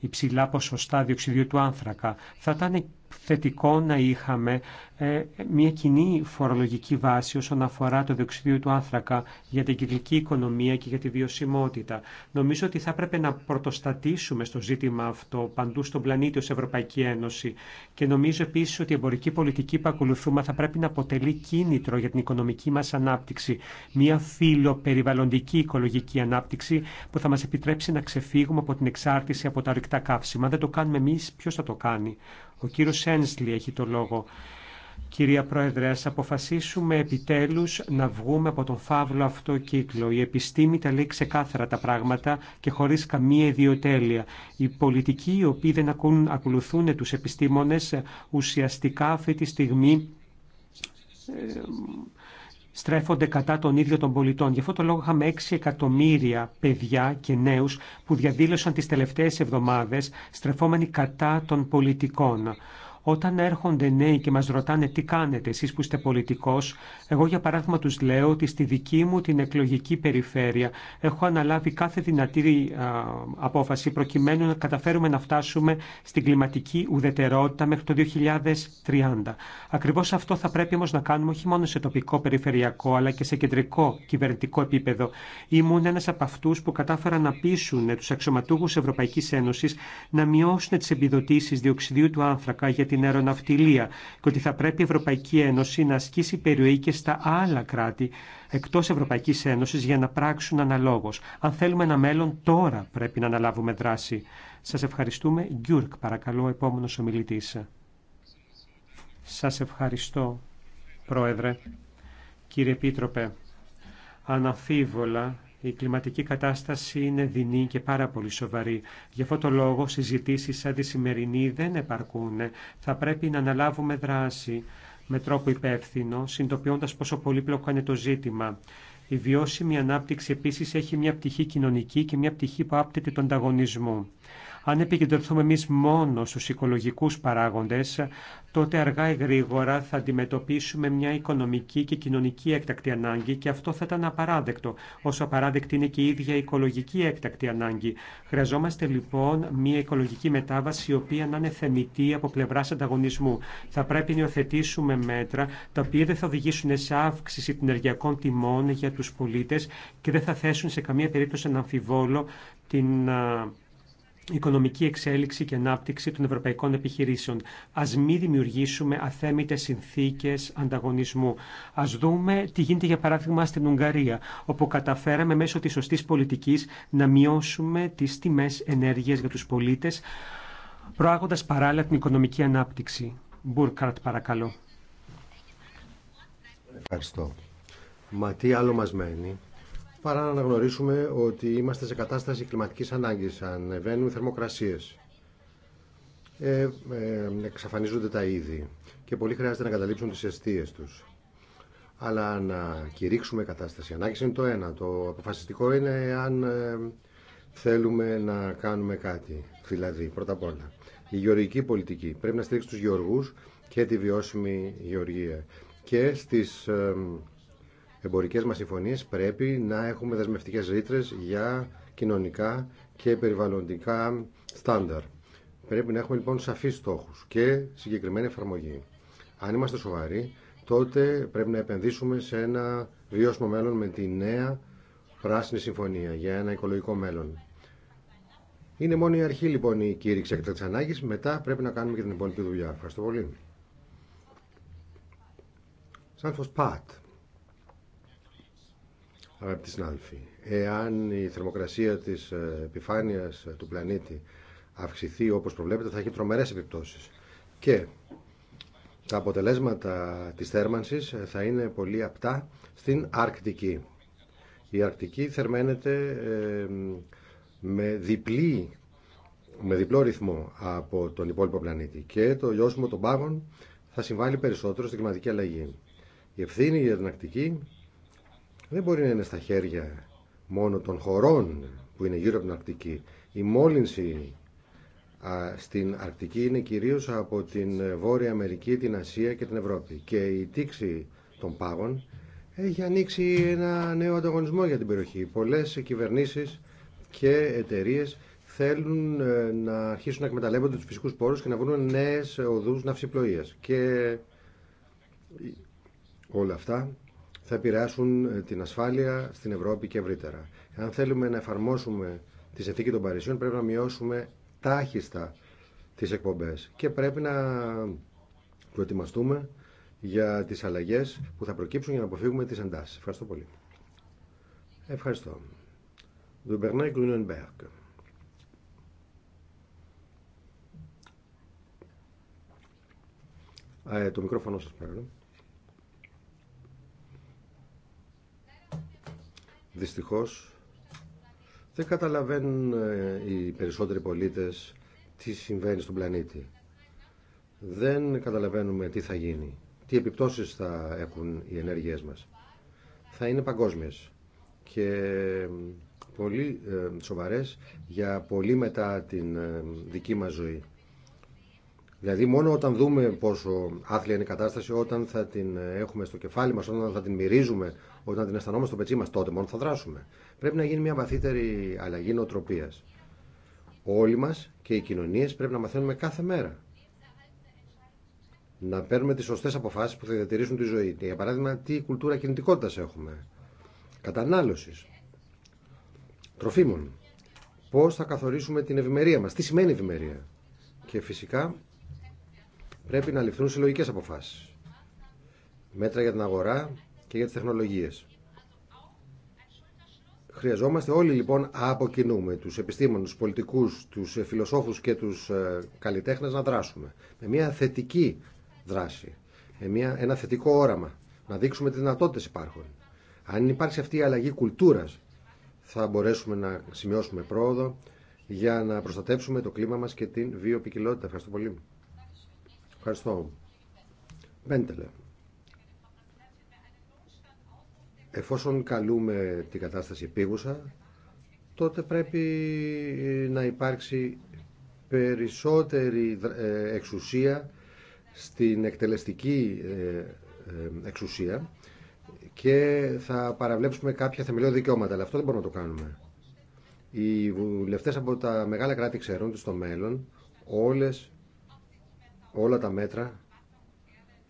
υψηλά ποσοστά διοξιδίου του άνθρακα. Θα ήταν θετικό να είχαμε ε, μια κοινή φορολογική βάση όσον αφορά το διοξιδίο του άνθρακα για την κυκλική οικονομία και για τη βιωσιμότητα. Νομίζω ότι θα πρέπει να πρωτοστατήσουμε στο ζήτημα αυτό παντού στον πλανήτη ως Ευρωπαϊκή Ένωση και νομίζω επίσης ότι η εμπορική πολιτική που ακολουθούμε θα πρέπει να αποτελεί κίνητρο για την οικονομική μας ανάπτυξη. Μια φύλλο περιβαλλοντική οικολογική ανάπτυξη που θα μας επιτρέψει να ξεφύγουμε από την εξάρτηση από τα ορυκτά καύσιμα. Δεν το κάνουμε εμείς, ποιο θα το κάνει. Ο κύριος Ένσλι έχει το λόγο. Κυρία Πρόεδρε, ας αποφασίσουμε επιτέλους να βγούμε από τον φαύλο αυτό κύκλο. Η επιστήμη τα λέει ξεκάθαρα τα πράγματα και χωρίς καμία ιδιοτέλεια. Οι πολιτικοί οι οποίοι δεν ακολουθούν τους επιστήμονες ουσιαστικά αυτή τη στιγμή ε, στρέφονται κατά τον ίδιο των πολιτών. Γι' αυτό το λόγο είχαμε 6 εκατομμύρια παιδιά και νέους που διαδήλωσαν τις τελευταίες εβδομάδες στρεφόμενοι κατά των πολιτικών. Όταν έρχονται νέοι και μας ρωτάνε τι κάνετε εσείς που είστε πολιτικός, εγώ για παράδειγμα τους λέω ότι στη δική μου την εκλογική περιφέρεια έχω αναλάβει κάθε δυνατή απόφαση προκειμένου να καταφέρουμε να φτάσουμε στην κλιματική ουδετερότητα μέχρι το 2030. Ακριβώς αυτό θα πρέπει όμως να κάνουμε όχι μόνο σε τοπικό, περιφερειακό αλλά και σε κεντρικό κυβερνητικό επίπεδο. Ήμουν ένας από αυτούς που κατάφερα να πείσουν τους αξιωματούχους Ευρωπαϊκής Ένωσης να μειώσουν τις επιδοτήσεις διοξιδίου του άνθρακα για την αεροναυτιλία και ότι θα πρέπει η Ευρωπαϊκή Ένωση να ασκήσει περιοχή και στα άλλα κράτη εκτός Ευρωπαϊκής Ένωσης για να πράξουν αναλόγως. Αν θέλουμε ένα μέλλον, τώρα πρέπει να αναλάβουμε δράση. Σας ευχαριστούμε. Γκιούρκ, παρακαλώ, επόμενος ομιλητής. Σας ευχαριστώ, Πρόεδρε. Κύριε Επίτροπε, αναφίβολα η κλιματική κατάσταση είναι δεινή και πάρα πολύ σοβαρή. Γι' αυτό το λόγο συζητήσεις σαν τη σημερινή δεν επαρκούν. Θα πρέπει να αναλάβουμε δράση με τρόπο υπεύθυνο, συντοπιώντας πόσο πολύπλοκο είναι το ζήτημα. Η βιώσιμη ανάπτυξη επίσης έχει μια πτυχή κοινωνική και μια πτυχή που άπτεται τον ταγωνισμό. Αν επικεντρωθούμε εμεί μόνο στους οικολογικούς παράγοντες, τότε αργά ή γρήγορα θα αντιμετωπίσουμε μια οικονομική και κοινωνική έκτακτη ανάγκη και αυτό θα ήταν απαράδεκτο, όσο απαράδεκτη είναι και η ίδια η οικολογική έκτακτη ανάγκη. Χρειαζόμαστε λοιπόν μια οικολογική μετάβαση η οποία να είναι θεμητή από πλευρά ανταγωνισμού. Θα πρέπει να υιοθετήσουμε μέτρα τα οποία δεν θα οδηγήσουν σε αύξηση των ενεργειακών τιμών για του πολίτε και δεν θα θέσουν σε καμία περίπτωση ένα αμφιβόλο την οικονομική εξέλιξη και ανάπτυξη των ευρωπαϊκών επιχειρήσεων. Α μην δημιουργήσουμε αθέμητε συνθήκε ανταγωνισμού. Α δούμε τι γίνεται, για παράδειγμα, στην Ουγγαρία, όπου καταφέραμε μέσω τη σωστή πολιτική να μειώσουμε τι τιμέ ενέργεια για του πολίτε, προάγοντα παράλληλα την οικονομική ανάπτυξη. Μπούρκαρτ, παρακαλώ. Ευχαριστώ. Μα τι άλλο μας μένει παρά να αναγνωρίσουμε ότι είμαστε σε κατάσταση κλιματικής ανάγκης. Ανεβαίνουν θερμοκρασίες, ε, ε, εξαφανίζονται τα είδη και πολλοί χρειάζεται να καταλήψουν τις αιστείες τους. Αλλά να κηρύξουμε κατάσταση ανάγκης είναι το ένα. Το αποφασιστικό είναι αν ε, θέλουμε να κάνουμε κάτι. Δηλαδή, πρώτα απ' όλα, η γεωργική πολιτική πρέπει να στηρίξει τους γεωργούς και τη βιώσιμη γεωργία. Και στις ε, εμπορικές μας συμφωνίες πρέπει να έχουμε δεσμευτικές ρήτρες για κοινωνικά και περιβαλλοντικά στάνταρ. Πρέπει να έχουμε λοιπόν σαφείς στόχους και συγκεκριμένη εφαρμογή. Αν είμαστε σοβαροί, τότε πρέπει να επενδύσουμε σε ένα βιώσιμο μέλλον με τη νέα πράσινη συμφωνία για ένα οικολογικό μέλλον. Είναι μόνο η αρχή λοιπόν η κήρυξη της ανάγκη. Μετά πρέπει να κάνουμε και την υπόλοιπη δουλειά. Ευχαριστώ πολύ αγαπητοί συνάδελφοι, εάν η θερμοκρασία της ε, επιφάνειας ε, του πλανήτη αυξηθεί όπως προβλέπεται, θα έχει τρομέρε επιπτώσει. και τα αποτελέσματα της θέρμανσης ε, θα είναι πολύ απτά στην Αρκτική. Η Αρκτική θερμαίνεται με, διπλή, με διπλό ρυθμό από τον υπόλοιπο πλανήτη και το λιώσιμο των πάγων θα συμβάλλει περισσότερο στην κλιματική αλλαγή. Η ευθύνη για την Αρκτική δεν μπορεί να είναι στα χέρια μόνο των χωρών που είναι γύρω από την Αρκτική. Η μόλυνση στην Αρκτική είναι κυρίως από την Βόρεια Αμερική, την Ασία και την Ευρώπη. Και η τήξη των πάγων έχει ανοίξει ένα νέο ανταγωνισμό για την περιοχή. Πολλές κυβερνήσεις και εταιρείε θέλουν ε, να αρχίσουν να εκμεταλλεύονται τους φυσικούς πόρους και να βρουν νέες οδούς ναυσιπλοείας. Και όλα αυτά θα επηρεάσουν ε, την ασφάλεια στην Ευρώπη και ευρύτερα. Αν θέλουμε να εφαρμόσουμε τη συνθήκη των Παρισιών, πρέπει να μειώσουμε τάχιστα τις εκπομπές και πρέπει να προετοιμαστούμε για τις αλλαγέ που θα προκύψουν για να αποφύγουμε τις εντάσει. Ευχαριστώ πολύ. Ευχαριστώ. Δουμπερνάι Κλουνενμπέρκ. Το μικρόφωνο σας παρακαλώ. Δυστυχώς δεν καταλαβαίνουν ε, οι περισσότεροι πολίτες τι συμβαίνει στον πλανήτη. Δεν καταλαβαίνουμε τι θα γίνει, τι επιπτώσεις θα έχουν οι ενέργειές μας. Θα είναι παγκόσμιες και πολύ ε, σοβαρές για πολύ μετά την ε, δική μας ζωή. Δηλαδή μόνο όταν δούμε πόσο άθλια είναι η κατάσταση, όταν θα την έχουμε στο κεφάλι μας, όταν θα την μυρίζουμε, όταν την αισθανόμαστε στο πετσί μα, τότε μόνο θα δράσουμε. Πρέπει να γίνει μια βαθύτερη αλλαγή νοοτροπία. Όλοι μα και οι κοινωνίε πρέπει να μαθαίνουμε κάθε μέρα. Να παίρνουμε τι σωστέ αποφάσει που θα διατηρήσουν τη ζωή. Για παράδειγμα, τι κουλτούρα κινητικότητα έχουμε. Κατανάλωση. Τροφίμων. Πώ θα καθορίσουμε την ευημερία μα. Τι σημαίνει ευημερία. Και φυσικά πρέπει να ληφθούν συλλογικέ αποφάσει. Μέτρα για την αγορά και για τις τεχνολογίες. Χρειαζόμαστε όλοι λοιπόν από κοινού με τους επιστήμονες, τους πολιτικούς, τους φιλοσόφους και τους ε, καλλιτέχνες να δράσουμε. Με μια θετική δράση, με μια, ένα θετικό όραμα, να δείξουμε τι δυνατότητες υπάρχουν. Αν υπάρξει αυτή η αλλαγή κουλτούρας θα μπορέσουμε να σημειώσουμε πρόοδο για να προστατεύσουμε το κλίμα μας και την βιοπικιλότητα. Ευχαριστώ πολύ. Ευχαριστώ. Μπέντελε. Εφόσον καλούμε την κατάσταση επίγουσα, τότε πρέπει ε, να υπάρξει περισσότερη ε, εξουσία στην εκτελεστική ε, εξουσία και θα παραβλέψουμε κάποια θεμελιώδη δικαιώματα, αλλά αυτό δεν μπορούμε να το κάνουμε. Οι βουλευτές από τα μεγάλα κράτη ξέρουν ότι στο μέλλον όλες, όλα τα μέτρα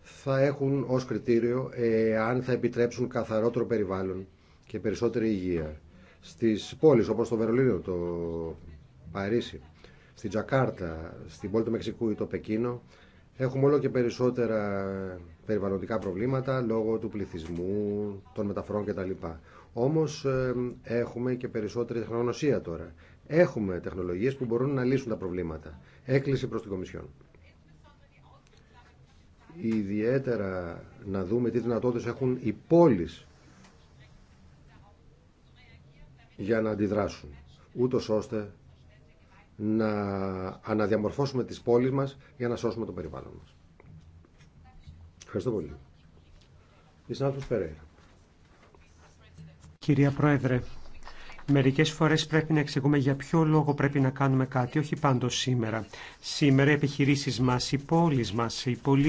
θα έχουν ως κριτήριο ε, αν θα επιτρέψουν καθαρότερο περιβάλλον και περισσότερη υγεία. Στις πόλεις όπως το Βερολίνο, το Παρίσι, στη Τζακάρτα, στην πόλη του Μεξικού ή το Πεκίνο έχουμε όλο και περισσότερα περιβαλλοντικά προβλήματα λόγω του πληθυσμού, των μεταφορών κτλ. Όμως ε, έχουμε και περισσότερη τεχνογνωσία τώρα. Έχουμε τεχνολογίες που μπορούν να λύσουν τα προβλήματα. Έκκληση προς την Κομισιόν ιδιαίτερα να δούμε τι δυνατότητες έχουν οι πόλεις για να αντιδράσουν, ούτω ώστε να αναδιαμορφώσουμε τις πόλεις μας για να σώσουμε το περιβάλλον μας. Ευχαριστώ πολύ. Η συνάδελφος Περέιρα. Κυρία Πρόεδρε, Μερικές φορές πρέπει να εξηγούμε για ποιο λόγο πρέπει να κάνουμε κάτι, όχι πάντως σήμερα. Σήμερα οι επιχειρήσεις μας, οι πόλεις μας, οι πολίτες